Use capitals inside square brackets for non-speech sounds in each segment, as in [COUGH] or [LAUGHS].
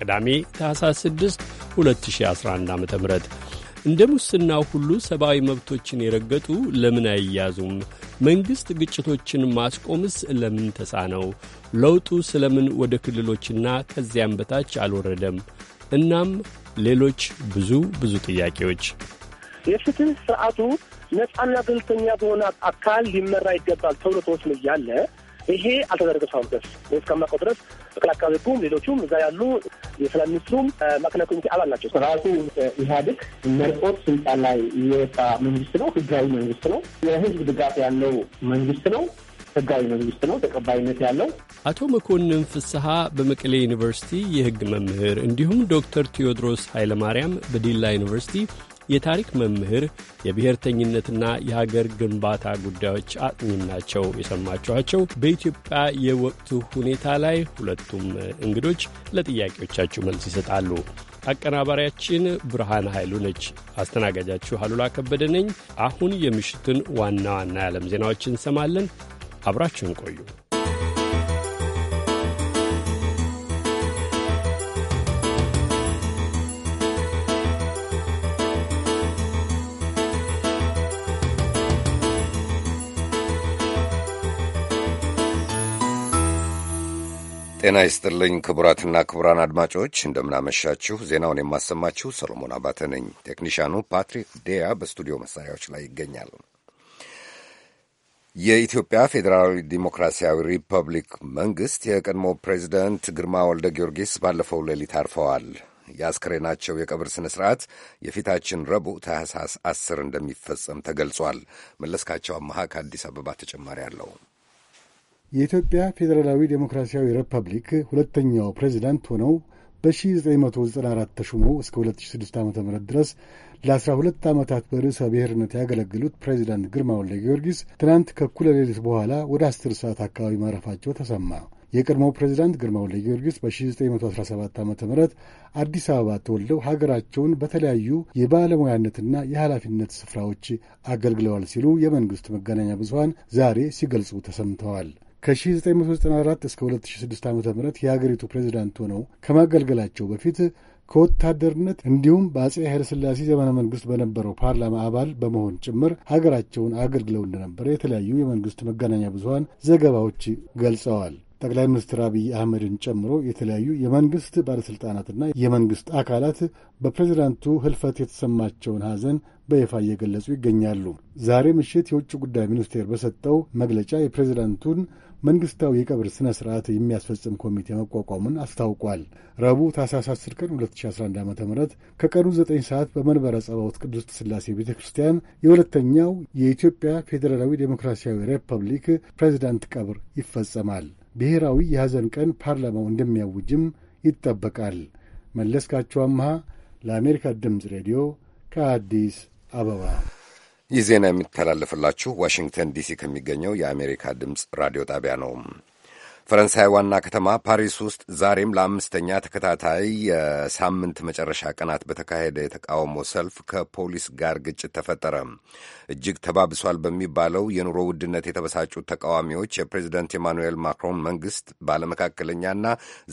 ቅዳሜ ታህሳስ 6 2011 ዓ ም እንደ ሙስናው ሁሉ ሰብአዊ መብቶችን የረገጡ ለምን አይያዙም? መንግሥት ግጭቶችን ማስቆምስ ለምን ተሳነው? ለውጡ ስለምን ወደ ክልሎችና ከዚያም በታች አልወረደም? እናም ሌሎች ብዙ ብዙ ጥያቄዎች የፍትህ ስርዓቱ ነጻና ገለልተኛ በሆነ አካል ሊመራ ይገባል ተብሎ ተወስኖ እያለ ይሄ አልተደረገ እስካሁን ድረስ ወይ እስከማውቀው ድረስ መከላከያ ሕጉም ሌሎቹም እዛ ያሉ የሰላም ሚኒስትሩም ማዕከላዊ ኮሚቴ አባል ናቸው። ራሱ ኢህአዴግ መርጦት ስልጣን ላይ የወጣ መንግስት ነው። ህጋዊ መንግስት ነው። የህዝብ ድጋፍ ያለው መንግስት ነው። ህጋዊ መንግስት ነው። ተቀባይነት ያለው። አቶ መኮንን ፍስሐ በመቀሌ ዩኒቨርሲቲ የህግ መምህር እንዲሁም ዶክተር ቴዎድሮስ ኃይለማርያም በዲላ ዩኒቨርሲቲ የታሪክ መምህር፣ የብሔርተኝነትና የሀገር ግንባታ ጉዳዮች አጥኚም ናቸው። የሰማችኋቸው በኢትዮጵያ የወቅቱ ሁኔታ ላይ ሁለቱም እንግዶች ለጥያቄዎቻችሁ መልስ ይሰጣሉ። አቀናባሪያችን ብርሃን ኃይሉ ነች። አስተናጋጃችሁ አሉላ ከበደ ነኝ። አሁን የምሽቱን ዋና ዋና የዓለም ዜናዎችን እንሰማለን። አብራችሁን ቆዩ። ጤና ይስጥልኝ ክቡራትና ክቡራን አድማጮች እንደምናመሻችሁ። ዜናውን የማሰማችሁ ሰሎሞን አባተ ነኝ። ቴክኒሽያኑ ፓትሪክ ዴያ በስቱዲዮ መሳሪያዎች ላይ ይገኛል። የኢትዮጵያ ፌዴራላዊ ዲሞክራሲያዊ ሪፐብሊክ መንግሥት የቀድሞ ፕሬዚደንት ግርማ ወልደ ጊዮርጊስ ባለፈው ሌሊት አርፈዋል። የአስከሬናቸው የቀብር ስነ ሥርዓት የፊታችን ረቡዕ ታህሳስ አስር እንደሚፈጸም ተገልጿል። መለስካቸው አመሃ ከአዲስ አበባ ተጨማሪ አለው። የኢትዮጵያ ፌዴራላዊ ዴሞክራሲያዊ ሪፐብሊክ ሁለተኛው ፕሬዚዳንት ሆነው በ1994 ተሹመው እስከ 2006 ዓ ም ድረስ ለ12 ዓመታት በርዕሰ ብሔርነት ያገለግሉት ፕሬዚዳንት ግርማ ወልደ ጊዮርጊስ ትናንት ከእኩለ ሌሊት በኋላ ወደ 10 ሰዓት አካባቢ ማረፋቸው ተሰማ። የቀድሞው ፕሬዚዳንት ግርማ ወልደ ጊዮርጊስ በ1917 ዓ ም አዲስ አበባ ተወልደው ሀገራቸውን በተለያዩ የባለሙያነትና የኃላፊነት ስፍራዎች አገልግለዋል ሲሉ የመንግሥት መገናኛ ብዙሀን ዛሬ ሲገልጹ ተሰምተዋል። ከ1994 እስከ 2006 ዓ ም የአገሪቱ ፕሬዚዳንት ሆነው ከማገልገላቸው በፊት ከወታደርነት እንዲሁም በአጼ ኃይለሥላሴ ዘመነ መንግሥት በነበረው ፓርላማ አባል በመሆን ጭምር ሀገራቸውን አገልግለው እንደነበረ የተለያዩ የመንግሥት መገናኛ ብዙሀን ዘገባዎች ገልጸዋል። ጠቅላይ ሚኒስትር አብይ አህመድን ጨምሮ የተለያዩ የመንግሥት ባለሥልጣናትና የመንግሥት አካላት በፕሬዚዳንቱ ህልፈት የተሰማቸውን ሐዘን በይፋ እየገለጹ ይገኛሉ። ዛሬ ምሽት የውጭ ጉዳይ ሚኒስቴር በሰጠው መግለጫ የፕሬዚዳንቱን መንግስታዊ የቀብር ሥነ ሥርዓት የሚያስፈጽም ኮሚቴ መቋቋሙን አስታውቋል። ረቡዕ ታኅሳስ 10 ቀን 2011 ዓ ም ከቀኑ 9 ሰዓት በመንበረ ጸባዖት ቅዱስ ስላሴ ቤተ ክርስቲያን የሁለተኛው የኢትዮጵያ ፌዴራላዊ ዴሞክራሲያዊ ሪፐብሊክ ፕሬዚዳንት ቀብር ይፈጸማል። ብሔራዊ የሐዘን ቀን ፓርላማው እንደሚያውጅም ይጠበቃል። መለስካቸው አምሃ ለአሜሪካ ድምፅ ሬዲዮ ከአዲስ አበባ ይህ ዜና የሚተላለፍላችሁ ዋሽንግተን ዲሲ ከሚገኘው የአሜሪካ ድምፅ ራዲዮ ጣቢያ ነው። ፈረንሳይ ዋና ከተማ ፓሪስ ውስጥ ዛሬም ለአምስተኛ ተከታታይ የሳምንት መጨረሻ ቀናት በተካሄደ የተቃውሞ ሰልፍ ከፖሊስ ጋር ግጭት ተፈጠረ። እጅግ ተባብሷል በሚባለው የኑሮ ውድነት የተበሳጩት ተቃዋሚዎች የፕሬዚደንት ኤማኑኤል ማክሮን መንግስት ባለመካከለኛና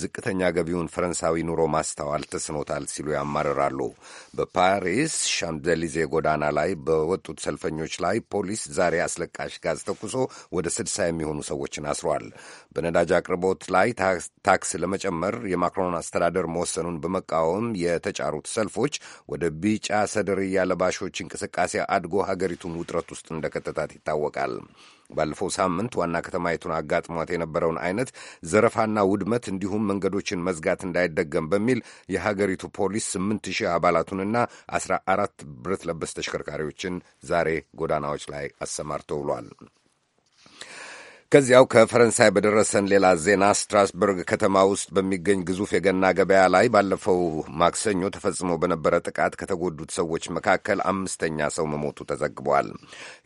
ዝቅተኛ ገቢውን ፈረንሳዊ ኑሮ ማስተዋል ተስኖታል ሲሉ ያማርራሉ። በፓሪስ ሻምዘሊዜ ጎዳና ላይ በወጡት ሰልፈኞች ላይ ፖሊስ ዛሬ አስለቃሽ ጋዝ ተኩሶ ወደ ስድሳ የሚሆኑ ሰዎችን አስሯል። በነዳጅ የነዳጅ አቅርቦት ላይ ታክስ ለመጨመር የማክሮን አስተዳደር መወሰኑን በመቃወም የተጫሩት ሰልፎች ወደ ቢጫ ሰደርያ ለባሾች እንቅስቃሴ አድጎ ሀገሪቱን ውጥረት ውስጥ እንደከተታት ይታወቃል። ባለፈው ሳምንት ዋና ከተማይቱን አጋጥሟት የነበረውን አይነት ዘረፋና ውድመት እንዲሁም መንገዶችን መዝጋት እንዳይደገም በሚል የሀገሪቱ ፖሊስ ስምንት ሺህ አባላቱንና አስራ አራት ብረት ለበስ ተሽከርካሪዎችን ዛሬ ጎዳናዎች ላይ አሰማርተው ውሏል። ከዚያው ከፈረንሳይ በደረሰን ሌላ ዜና ስትራስበርግ ከተማ ውስጥ በሚገኝ ግዙፍ የገና ገበያ ላይ ባለፈው ማክሰኞ ተፈጽሞ በነበረ ጥቃት ከተጎዱት ሰዎች መካከል አምስተኛ ሰው መሞቱ ተዘግቧል።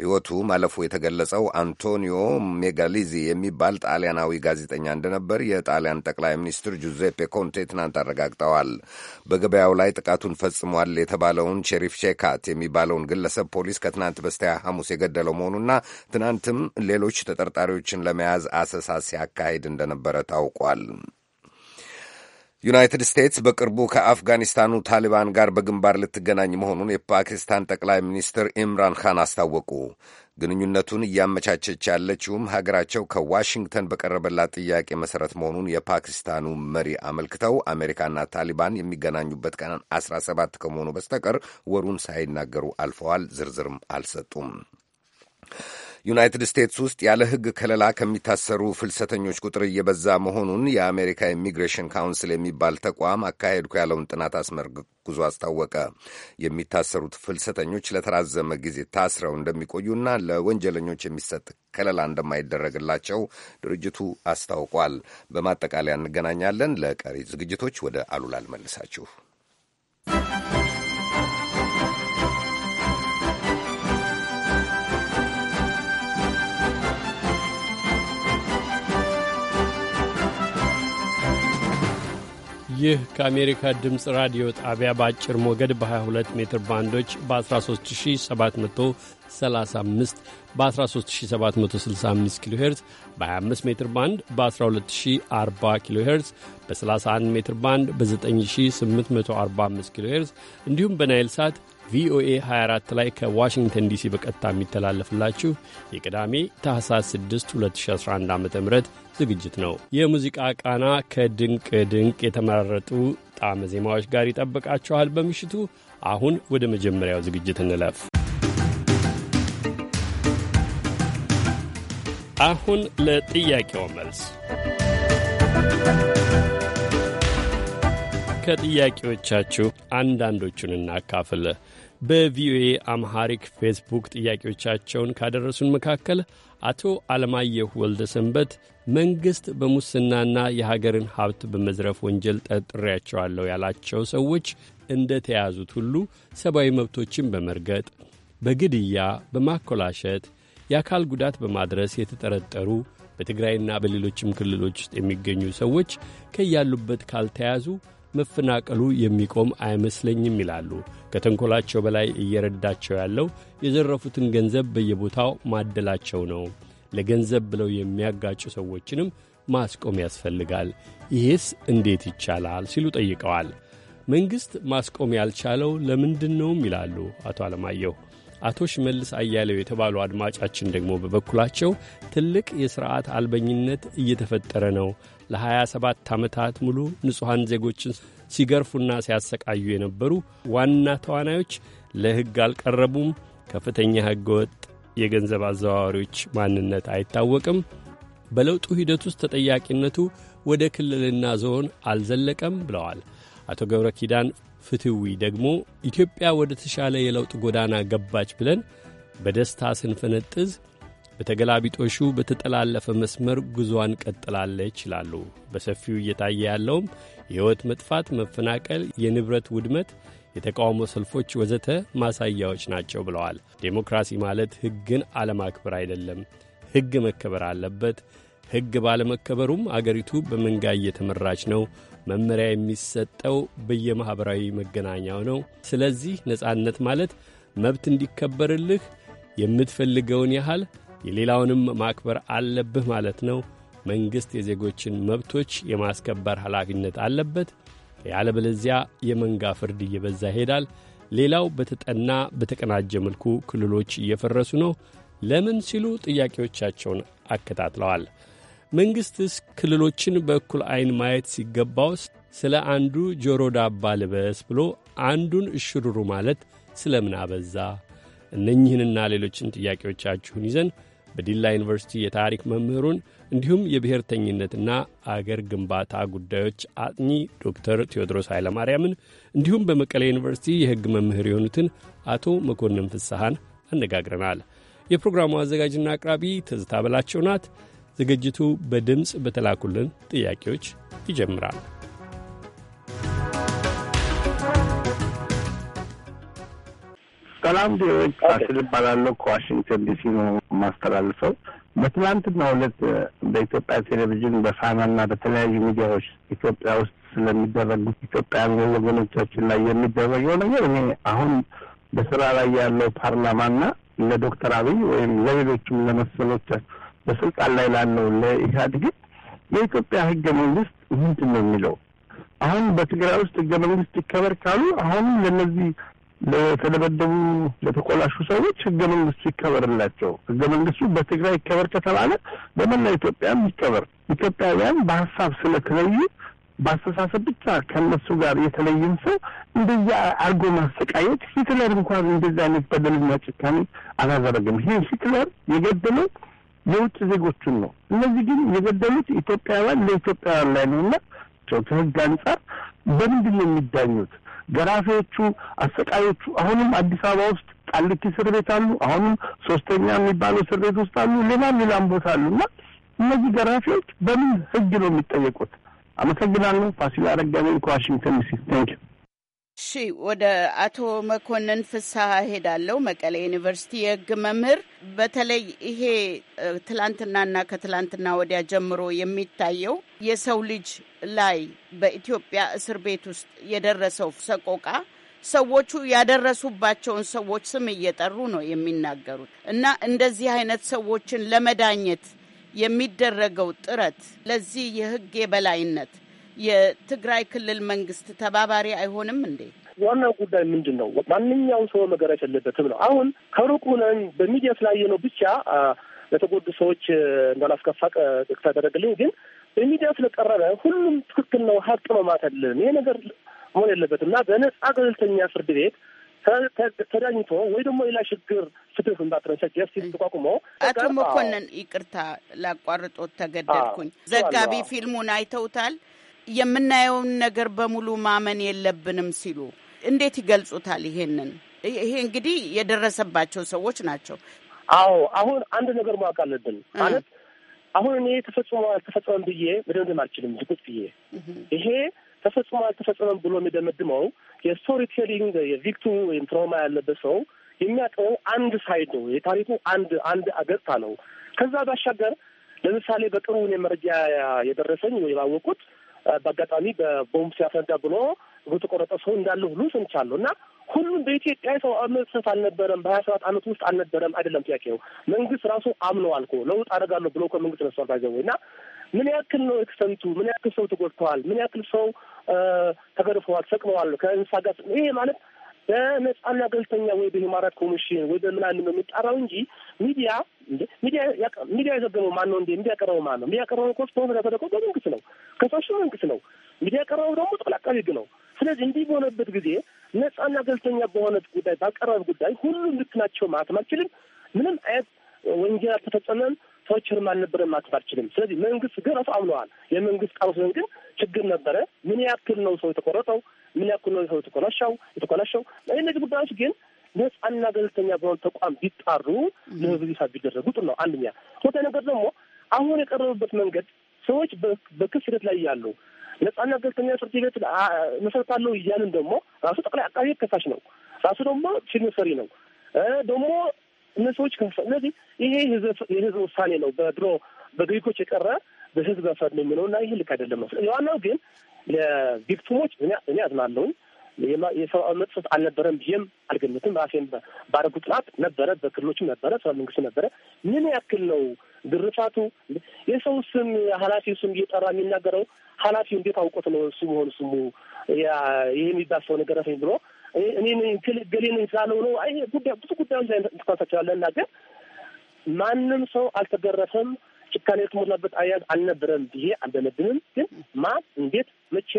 ሕይወቱ ማለፉ የተገለጸው አንቶኒዮ ሜጋሊዚ የሚባል ጣሊያናዊ ጋዜጠኛ እንደነበር የጣሊያን ጠቅላይ ሚኒስትር ጁዜፔ ኮንቴ ትናንት አረጋግጠዋል። በገበያው ላይ ጥቃቱን ፈጽሟል የተባለውን ሼሪፍ ሼካት የሚባለውን ግለሰብ ፖሊስ ከትናንት በስቲያ ሐሙስ የገደለው መሆኑና ትናንትም ሌሎች ተጠርጣሪዎች ሰዎችን ለመያዝ አሰሳ ሲያካሂድ እንደነበረ ታውቋል። ዩናይትድ ስቴትስ በቅርቡ ከአፍጋኒስታኑ ታሊባን ጋር በግንባር ልትገናኝ መሆኑን የፓኪስታን ጠቅላይ ሚኒስትር ኢምራን ኻን አስታወቁ። ግንኙነቱን እያመቻቸች ያለችውም ሀገራቸው ከዋሽንግተን በቀረበላት ጥያቄ መሠረት መሆኑን የፓኪስታኑ መሪ አመልክተው አሜሪካና ታሊባን የሚገናኙበት ቀን 17 ከመሆኑ በስተቀር ወሩን ሳይናገሩ አልፈዋል። ዝርዝርም አልሰጡም። ዩናይትድ ስቴትስ ውስጥ ያለ ሕግ ከለላ ከሚታሰሩ ፍልሰተኞች ቁጥር እየበዛ መሆኑን የአሜሪካ ኢሚግሬሽን ካውንስል የሚባል ተቋም አካሄድኩ ያለውን ጥናት አስመርኩዞ አስታወቀ። የሚታሰሩት ፍልሰተኞች ለተራዘመ ጊዜ ታስረው እንደሚቆዩና ለወንጀለኞች የሚሰጥ ከለላ እንደማይደረግላቸው ድርጅቱ አስታውቋል። በማጠቃለያ እንገናኛለን። ለቀሪ ዝግጅቶች ወደ አሉላ ልመልሳችሁ። ይህ ከአሜሪካ ድምፅ ራዲዮ ጣቢያ በአጭር ሞገድ በ22 ሜትር ባንዶች በ13735 በ13765 ኪሎ ሄርዝ በ25 ሜትር ባንድ በ 1240 ኪሎ ሄርዝ በ31 ሜትር ባንድ በ9845 ኪሎ ሄርዝ እንዲሁም በናይል ሳት ቪኦኤ 24 ላይ ከዋሽንግተን ዲሲ በቀጥታ የሚተላለፍላችሁ የቅዳሜ ታህሳስ 6 2011 ዓ ም ዝግጅት ነው። የሙዚቃ ቃና ከድንቅ ድንቅ የተመራረጡ ጣዕመ ዜማዎች ጋር ይጠብቃችኋል በምሽቱ። አሁን ወደ መጀመሪያው ዝግጅት እንለፍ። አሁን ለጥያቄው መልስ ከጥያቄዎቻችሁ አንዳንዶቹን እናካፍል። በቪኦኤ አምሃሪክ ፌስቡክ ጥያቄዎቻቸውን ካደረሱን መካከል አቶ አለማየሁ ወልደ ሰንበት መንግሥት በሙስናና የሀገርን ሀብት በመዝረፍ ወንጀል ጠርጥሬያቸዋለሁ ያላቸው ሰዎች እንደ ተያዙት ሁሉ ሰብአዊ መብቶችን በመርገጥ በግድያ፣ በማኮላሸት፣ የአካል ጉዳት በማድረስ የተጠረጠሩ በትግራይና በሌሎችም ክልሎች ውስጥ የሚገኙ ሰዎች ከያሉበት ካልተያዙ መፈናቀሉ የሚቆም አይመስለኝም ይላሉ። ከተንኮላቸው በላይ እየረዳቸው ያለው የዘረፉትን ገንዘብ በየቦታው ማደላቸው ነው። ለገንዘብ ብለው የሚያጋጩ ሰዎችንም ማስቆም ያስፈልጋል። ይህስ እንዴት ይቻላል ሲሉ ጠይቀዋል። መንግሥት ማስቆም ያልቻለው ለምንድን ነውም ይላሉ አቶ አለማየሁ። አቶ ሽመልስ አያሌው የተባሉ አድማጫችን ደግሞ በበኩላቸው ትልቅ የሥርዓት አልበኝነት እየተፈጠረ ነው፣ ለ27 ዓመታት ሙሉ ንጹሐን ዜጎችን ሲገርፉና ሲያሰቃዩ የነበሩ ዋና ተዋናዮች ለሕግ አልቀረቡም። ከፍተኛ ወጥ የገንዘብ አዘዋዋሪዎች ማንነት አይታወቅም። በለውጡ ሂደት ውስጥ ተጠያቂነቱ ወደ ክልልና ዞን አልዘለቀም ብለዋል አቶ ገብረ ኪዳን ፍትዊ ደግሞ ኢትዮጵያ ወደ ተሻለ የለውጥ ጎዳና ገባች ብለን በደስታ ስንፈነጥዝ በተገላቢጦሹ በተጠላለፈ መስመር ጉዞዋን ቀጥላለች ይላሉ። በሰፊው እየታየ ያለውም የሕይወት መጥፋት፣ መፈናቀል፣ የንብረት ውድመት፣ የተቃውሞ ሰልፎች ወዘተ ማሳያዎች ናቸው ብለዋል። ዴሞክራሲ ማለት ሕግን አለማክበር አይደለም። ሕግ መከበር አለበት። ሕግ ባለመከበሩም አገሪቱ በመንጋ እየተመራች ነው። መመሪያ የሚሰጠው በየማኅበራዊ መገናኛው ነው። ስለዚህ ነጻነት ማለት መብት እንዲከበርልህ የምትፈልገውን ያህል የሌላውንም ማክበር አለብህ ማለት ነው። መንግሥት የዜጎችን መብቶች የማስከበር ኃላፊነት አለበት። ያለበለዚያ የመንጋ ፍርድ እየበዛ ይሄዳል። ሌላው በተጠና በተቀናጀ መልኩ ክልሎች እየፈረሱ ነው። ለምን ሲሉ ጥያቄዎቻቸውን አከታትለዋል። መንግሥትስ ክልሎችን በእኩል ዐይን ማየት ሲገባውስ ስለ አንዱ ጆሮ ዳባ ልበስ ብሎ አንዱን እሽሩሩ ማለት ምን አበዛ? እነኚህንና ሌሎችን ጥያቄዎቻችሁን ይዘን በዲላ ዩኒቨርሲቲ የታሪክ መምህሩን እንዲሁም የብሔርተኝነትና አገር ግንባታ ጉዳዮች አጥኚ ዶክተር ቴዎድሮስ ኃይለማርያምን እንዲሁም በመቀሌ ዩኒቨርሲቲ የሕግ መምህር የሆኑትን አቶ መኮንን ፍስሐን አነጋግረናል። የፕሮግራሙ አዘጋጅና አቅራቢ ትዝታ በላቸው ናት። ዝግጅቱ በድምፅ በተላኩልን ጥያቄዎች ይጀምራል። ሰላም ዜዎች አስል እባላለሁ ከዋሽንግተን ዲሲ ነው የማስተላልፈው። በትናንትና ሁለት በኢትዮጵያ ቴሌቪዥን በፋናና በተለያዩ ሚዲያዎች ኢትዮጵያ ውስጥ ስለሚደረጉ ኢትዮጵያን ወገኖቻችን ላይ የሚደረገው ነገር እኔ አሁን በስራ ላይ ያለው ፓርላማና ለዶክተር አብይ ወይም ለሌሎችም ለመሰሎች በስልጣን ላይ ላለው ለኢህአዴግ የኢትዮጵያ ህገ መንግስት ምንድን ነው የሚለው አሁን በትግራይ ውስጥ ህገ መንግስት ይከበር ካሉ አሁንም ለነዚህ ለተደበደቡ ለተቆላሹ ሰዎች ህገ መንግስቱ ይከበርላቸው። ህገ መንግስቱ በትግራይ ይከበር ከተባለ በመላ ኢትዮጵያም ይከበር። ኢትዮጵያውያን በሀሳብ ስለተለዩ በአስተሳሰብ ብቻ ከነሱ ጋር የተለየን ሰው እንደዚያ አርጎ ማሰቃየት ሂትለር እንኳን እንደዚህ አይነት በደልና ጭካኔ አላደረግም። ይህ ሂትለር የገደለው የውጭ ዜጎቹን ነው። እነዚህ ግን የገደሉት ኢትዮጵያውያን ለኢትዮጵያውያን ላይ ነው እና ከህግ አንጻር በምንድን ነው የሚዳኙት? ገራፊዎቹ፣ አሰቃዮቹ አሁንም አዲስ አበባ ውስጥ ቃሊቲ እስር ቤት አሉ። አሁንም ሶስተኛ የሚባለው እስር ቤት ውስጥ አሉ። ሌላም ሌላም ቦታ አሉ እና እነዚህ ገራፊዎች በምን ህግ ነው የሚጠየቁት? አመሰግናለሁ። ፋሲል አረጋቤ ከዋሽንግተን ዲሲ ቴንኪው። እሺ ወደ አቶ መኮንን ፍስሐ ሄዳለሁ። መቀሌ ዩኒቨርሲቲ የህግ መምህር፣ በተለይ ይሄ ትላንትናና ከትላንትና ወዲያ ጀምሮ የሚታየው የሰው ልጅ ላይ በኢትዮጵያ እስር ቤት ውስጥ የደረሰው ሰቆቃ ሰዎቹ ያደረሱባቸውን ሰዎች ስም እየጠሩ ነው የሚናገሩት እና እንደዚህ አይነት ሰዎችን ለመዳኘት የሚደረገው ጥረት ለዚህ የህግ የበላይነት የትግራይ ክልል መንግስት ተባባሪ አይሆንም እንዴ? ዋናው ጉዳይ ምንድን ነው? ማንኛውም ሰው መገረፍ የለበትም ነው። አሁን ከሩቅ ሆነን በሚዲያ ስላየ ነው ብቻ ለተጎዱ ሰዎች እንዳላስከፋ ቅርታ ያደረግልኝ። ግን በሚዲያ ስለቀረበ ሁሉም ትክክል ነው፣ ሀቅ ነው ማለት ይሄ ነገር መሆን የለበትም እና በነጻ ገለልተኛ ፍርድ ቤት ተዳኝቶ ወይ ደግሞ ሌላ ችግር ፍትህ እንዳትረሰ ጀስቲስ ተቋቁሞ። አቶ መኮንን ይቅርታ ላቋርጦት ተገደድኩኝ። ዘጋቢ ፊልሙን አይተውታል። የምናየውን ነገር በሙሉ ማመን የለብንም ሲሉ እንዴት ይገልጹታል? ይሄንን ይሄ እንግዲህ የደረሰባቸው ሰዎች ናቸው። አዎ አሁን አንድ ነገር ማወቅ አለብን ማለት አሁን እኔ ተፈጽሞ አልተፈጸመም ብዬ መደምደም አልችልም። ዝቁጭ ብዬ ይሄ ተፈጽሞ አልተፈጸመም ብሎ የሚደመድመው የስቶሪ ቴሊንግ ወይም ትራውማ ያለበት ሰው የሚያጠው አንድ ሳይድ ነው፣ የታሪኩ አንድ አንድ ገጽታ ነው። ከዛ ባሻገር ለምሳሌ በቅርቡ እኔ መረጃ የደረሰኝ ወይ ባወቁት በአጋጣሚ በቦምብ ሲያፈነዳ ብሎ እግሩ ተቆረጠ ሰው እንዳለ ሁሉ ሰምቻለሁ እና ሁሉም በኢትዮጵያ የሰው መብት አልነበረም። በሀያ ሰባት አመት ውስጥ አልነበረም አይደለም ጥያቄው። መንግስት ራሱ አምነዋል እኮ ለውጥ አደርጋለሁ ብሎ እኮ መንግስት ነሷል ባይዘው እና ምን ያክል ነው ኤክስተንቱ? ምን ያክል ሰው ተጎድተዋል? ምን ያክል ሰው ተገርፈዋል፣ ሰቅመዋል? ከእንስሳ ጋር ይሄ ማለት በነጻና ገለልተኛ ወይ በሂማራት ኮሚሽን ወይ በምናምን ነው የሚጣራው እንጂ ሚዲያ ሚዲያ የዘገበው ማን ነው? እንደ ሚዲያ ያቀረበው ማን ነው? ሚዲያ ያቀረበው ኮስ ስፖንሰር ያደረገው በመንግስት ነው። ከሳሹ መንግስት ነው። ሚዲያ ያቀረበው ደግሞ ጠቅላይ አቃቤ ነው። ስለዚህ እንዲህ በሆነበት ጊዜ ነጻና ገለልተኛ በሆነ ጉዳይ ባቀረበ ጉዳይ ሁሉም ልክ ናቸው ማለትም አልችልም። ምንም አይነት ወንጀል አልተፈጸመም፣ ሰዎችንም አልነበረም ማለትም አልችልም። ስለዚህ መንግስት ግን ራሱ አምነዋል። የመንግስት ቃሉ ስለሆነ ግን ችግር ነበረ። ምን ያክል ነው ሰው የተቆረጠው? ምን ያክል ነው ሰው የተኮላሻው የተኮላሻው? እነዚህ ጉዳዮች ግን ነጻና ገለልተኛ በሆነ ተቋም ቢጣሩ ለህዝብ ይፋ ቢደረጉ ጥሩ ነው። አንደኛ ሁለተኛ ነገር ደግሞ አሁን የቀረበበት መንገድ ሰዎች በክስ ሂደት ላይ ያሉ ነጻና ገለልተኛ ፍርድ ቤት መሰረታለሁ እያልን ደግሞ ራሱ ጠቅላይ አቃቢ ከሳሽ ነው፣ ራሱ ደግሞ ፊልም ሰሪ ነው ደግሞ እነዚህ ሰዎች ከፍ ስለዚህ ይሄ የህዝብ ውሳኔ ነው። በድሮ በግሪኮች የቀረ በህዝብ ፈድ ነው የሚለው እና ይህ ልክ አይደለም። የዋናው ግን ለቪክቲሞች እኔ አዝናለሁኝ። የሰብአዊ መጥሰት አልነበረም ብዬም አልገምትም። ራሴን ባረጉ ጥናት ነበረ፣ በክልሎችም ነበረ፣ ስራ መንግስቱ ነበረ። ምን ያክል ነው ግርፋቱ የሰው ስም ኃላፊው ስም እየጠራ የሚናገረው ኃላፊው እንዴት አውቆት ነው እሱ መሆኑ ስሙ ይህ የሚባል ሰው ነገር ብሎ እኔ ገሌ ነኝ ስላለው ነው። አይ ጉዳይ ብዙ ጉዳዮች ላይ ትኳሳቸዋለን እና ማንም ሰው አልተገረፈም። ጭካኔ የተሞላበት አያዝ አልነበረም ብዬ አልደመድምም። ግን ማን እንዴት መቼ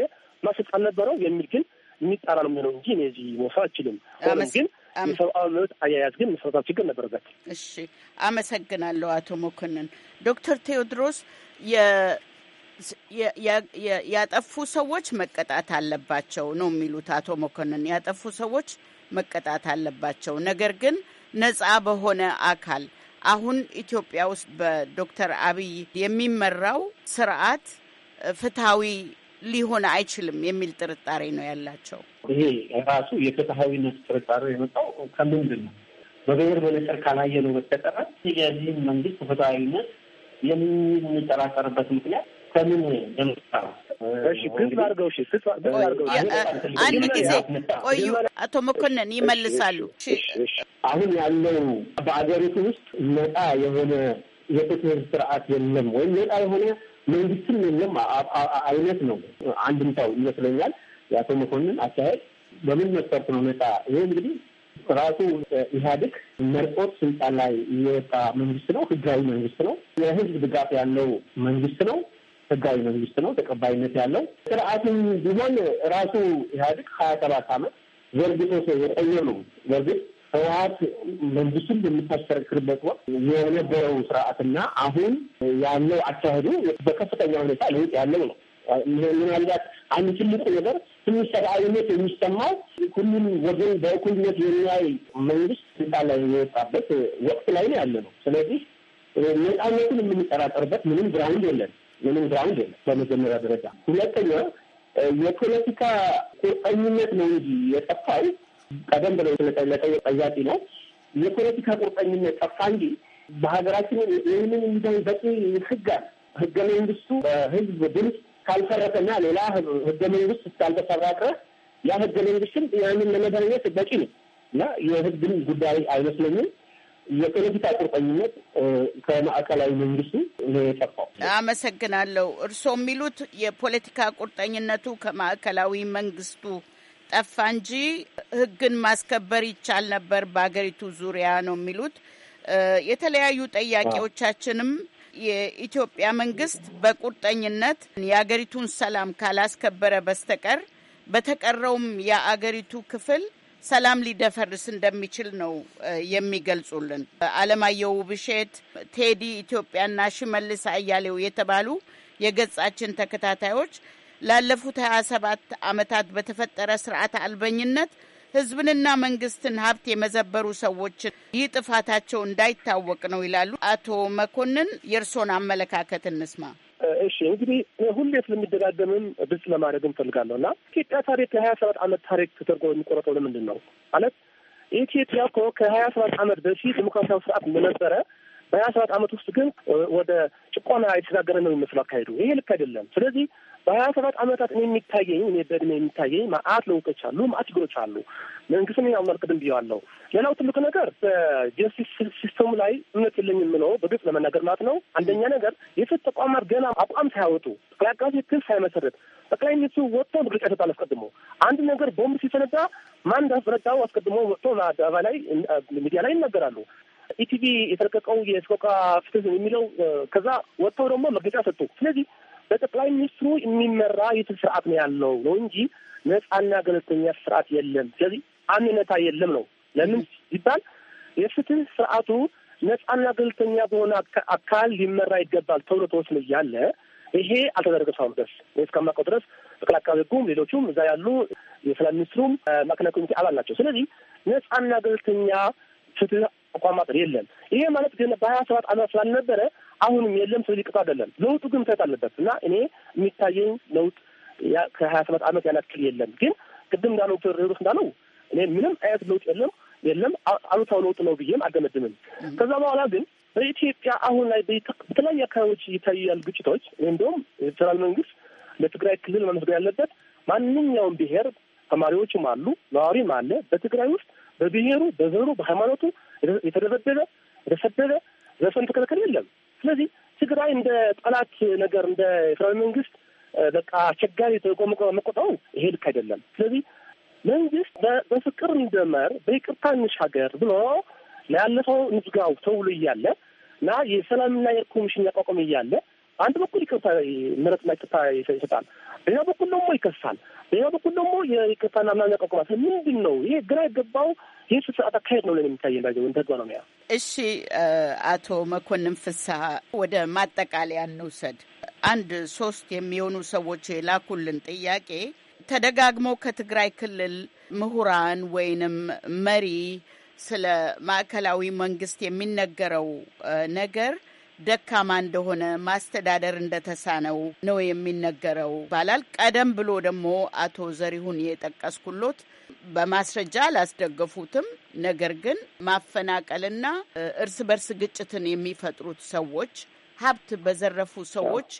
ማስልጣን ነበረው የሚል ግን የሚጣራ ነው የሚሆነው እንጂ እኔ እዚህ መውሰድ አልችልም። ሆኖም ግን የሰብአዊ መብት አያያዝ ግን መሰረታዊ ችግር ነበረበት። እሺ፣ አመሰግናለሁ አቶ መኮንን። ዶክተር ቴዎድሮስ ያጠፉ ሰዎች መቀጣት አለባቸው ነው የሚሉት አቶ መኮንን። ያጠፉ ሰዎች መቀጣት አለባቸው፣ ነገር ግን ነጻ በሆነ አካል አሁን ኢትዮጵያ ውስጥ በዶክተር አብይ የሚመራው ስርዓት ፍትሐዊ ሊሆን አይችልም የሚል ጥርጣሬ ነው ያላቸው። ይሄ ራሱ የፍትሐዊነት ጥርጣሬ የመጣው ከምንድን ነው? በብሔር መነጽር ነው በስተቀረ የዚህም መንግስት ፍትሐዊነት የምንጠራጠርበት ምክንያት ከምን አንድ ጊዜ ቆዩ፣ አቶ መኮንን ይመልሳሉ። አሁን ያለው በአገሪቱ ውስጥ ነጣ የሆነ የፍትህ ስርዓት የለም ወይም ነጣ የሆነ መንግስትም የለም አይነት ነው አንድምታው ይመስለኛል። የአቶ መኮንን አካሄድ በምን መስፈርት ነው መጣ? ይህ እንግዲህ ራሱ ኢህአዴግ መርጦት ስልጣን ላይ የወጣ መንግስት ነው። ህጋዊ መንግስት ነው። የህዝብ ድጋፍ ያለው መንግስት ነው። ህጋዊ መንግስት ነው። ተቀባይነት ያለው ስርዓቱም ቢሆን ራሱ ኢህአዴግ ሀያ ሰባት አመት ዘርግቶ የቆየ ነው በእርግጥ ህወሀት መንግስቱን በምታሽከረክርበት ወቅት የነበረው ስርዓትና አሁን ያለው አካሄዱ በከፍተኛ ሁኔታ ለውጥ ያለው ነው። ምናልባት አንድ ትልቁ ነገር ትንሽ ሰብአዊነት የሚሰማው ሁሉም ወገን በእኩልነት የሚያይ መንግስት ስልጣን ላይ የወጣበት ወቅት ላይ ነው ያለ ነው። ስለዚህ ነፃነቱን የምንጠራጠርበት ምንም ግራውንድ የለን፣ ምንም ግራውንድ የለን በመጀመሪያ ደረጃ። ሁለተኛ የፖለቲካ ቁርጠኝነት ነው እንጂ የጠፋው ቀደም ብለው ስለጠየቀ ጠያቂ ነው የፖለቲካ ቁርጠኝነት ጠፋ እንጂ በሀገራችን ይህንን የሚዳኝ በቂ ህግ ህገ መንግስቱ በህዝብ ድምፅ ካልፈረሰና ሌላ ህገ መንግስት እስካልተሰራ ድረስ ያ ህገ መንግስትም ያንን ለመዳኘት በቂ ነው እና የህግን ጉዳይ አይመስለኝም። የፖለቲካ ቁርጠኝነት ከማዕከላዊ መንግስቱ ነው የጠፋው። አመሰግናለሁ። እርስዎ የሚሉት የፖለቲካ ቁርጠኝነቱ ከማዕከላዊ መንግስቱ ጠፋ እንጂ ህግን ማስከበር ይቻል ነበር በሀገሪቱ ዙሪያ ነው የሚሉት። የተለያዩ ጠያቂዎቻችንም የኢትዮጵያ መንግስት በቁርጠኝነት የአገሪቱን ሰላም ካላስከበረ በስተቀር በተቀረውም የአገሪቱ ክፍል ሰላም ሊደፈርስ እንደሚችል ነው የሚገልጹልን። አለማየሁ ብሼት፣ ቴዲ ኢትዮጵያና ሽመልስ አያሌው የተባሉ የገጻችን ተከታታዮች ላለፉት 27 ዓመታት በተፈጠረ ስርዓት አልበኝነት ህዝብንና መንግስትን ሀብት የመዘበሩ ሰዎች ይህ ጥፋታቸው እንዳይታወቅ ነው ይላሉ። አቶ መኮንን የእርስዎን አመለካከት እንስማ። እሺ እንግዲህ ሁሌ ስለሚደጋገምም ግልጽ ለማድረግ እንፈልጋለሁ እና ኢትዮጵያ ታሪክ ከሀያ ሰባት ዓመት ታሪክ ተደርጎ የሚቆረጠው ለምንድን ነው ማለት ኢትዮጵያ እኮ ከሀያ ሰባት ዓመት በፊት ዲሞክራሲያዊ ስርዓት እንደነበረ በሀያ ሰባት ዓመት ውስጥ ግን ወደ ጭቆና የተሸጋገረ ነው የሚመስሉ አካሄዱ። ይሄ ልክ አይደለም። ስለዚህ በሀያ ሰባት ዓመታት እኔ የሚታየኝ እኔ በእድሜ የሚታየኝ ማአት ለውጦች አሉ፣ ማአት ችግሮች አሉ። መንግስትን ያው መልቅድም ብያዋለሁ። ሌላው ትልቅ ነገር በጀስቲስ ሲስተሙ ላይ እምነት የለኝም የምለው በግልጽ ለመናገር ማለት ነው። አንደኛ ነገር የፍትህ ተቋማት ገና አቋም ሳያወጡ ጠቅላይ አቃቤ ክስ ሳይመሰረት ጠቅላይ ሚኒስትሩ ወጥቶ መግለጫ ይሰጣል። አስቀድሞ አንድ ነገር ቦምብ ሲፈነዳ ማን እንዳስፈነዳው አስቀድሞ ወጥቶ አደባባይ ላይ ሚዲያ ላይ ይናገራሉ። ኢቲቪ የተለቀቀው የስቆቃ ፍትህ የሚለው ከዛ ወጥተው ደግሞ መግለጫ ሰጡ። ስለዚህ በጠቅላይ ሚኒስትሩ የሚመራ የትል ስርዓት ነው ያለው ነው እንጂ ነጻና ገለልተኛ ስርዓት የለም። ስለዚህ አንድነታ የለም ነው። ለምን ሲባል የፍትህ ስርዓቱ ነጻና ገለልተኛ በሆነ አካል ሊመራ ይገባል ተብሎ ተወስኖ እያለ ይሄ አልተደረገም። እስካሁን ድረስ ወይ እስከማውቀው ድረስ ጠቅላይ አቃቤ ሕጉም ሌሎቹም እዛ ያሉ የሰላም ሚኒስትሩም ማዕከላዊ ኮሚቴ አባል ናቸው። ስለዚህ ነጻና ገለልተኛ ፍትህ አቋማጥር የለም። ይሄ ማለት ግን በሀያ ሰባት አመት ስላልነበረ አሁንም የለም። ስለዚህ ቅጡ አይደለም። ለውጡ ግን መታየት አለበት እና እኔ የሚታየኝ ለውጥ ከሀያ ሰባት ዓመት ያላክል የለም። ግን ቅድም እንዳለው ዶክተር ሮስ እንዳለው እኔ ምንም አይነት ለውጥ የለም የለም አሉታው ለውጥ ነው ብዬም አልገመድምም። ከዛ በኋላ ግን በኢትዮጵያ አሁን ላይ በተለያዩ አካባቢዎች እየታዩ ያሉ ግጭቶች ወይም እንደውም የፌዴራል መንግስት ለትግራይ ክልል መመስገን ያለበት ማንኛውም ብሔር ተማሪዎችም አሉ ነዋሪም አለ በትግራይ ውስጥ በብሔሩ፣ በዘሩ፣ በሃይማኖቱ የተደበደበ የተሰደበ ዘፈን ተከለከል የለም። ስለዚህ ትግራይ እንደ ጠላት ነገር እንደ ኤርትራዊ መንግስት በቃ አስቸጋሪ ተቆ መቆጠሩ ይሄ ልክ አይደለም። ስለዚህ መንግስት በፍቅር እንደመር በይቅርታ እንሻገር ብሎ ያለፈው ንዝጋው ተውሎ እያለ እና የሰላምና የኮሚሽን ያቋቋም እያለ አንድ በኩል ይቅርታ ምሕረትና ይቅርታ ይሰጣል፣ በሌላ በኩል ደግሞ ይከሳል፣ በሌላ በኩል ደግሞ የይቅርታና ምናምን ያቋቁማል። ምንድን ነው ይሄ ግራ የገባው ይህ ስርዓት አካሄድ ነው ለን የሚታየን ባይዘ እንደዛ ነው ያ። እሺ አቶ መኮንን ፍሳ ወደ ማጠቃለያ እንውሰድ። አንድ ሶስት የሚሆኑ ሰዎች የላኩልን ጥያቄ ተደጋግሞ ከትግራይ ክልል ምሁራን ወይንም መሪ ስለ ማዕከላዊ መንግስት የሚነገረው ነገር ደካማ እንደሆነ ማስተዳደር እንደተሳነው ነው የሚነገረው ይባላል። ቀደም ብሎ ደግሞ አቶ ዘሪሁን የጠቀስኩሎት በማስረጃ አላስደገፉትም። ነገር ግን ማፈናቀልና እርስ በርስ ግጭትን የሚፈጥሩት ሰዎች ሀብት በዘረፉ ሰዎች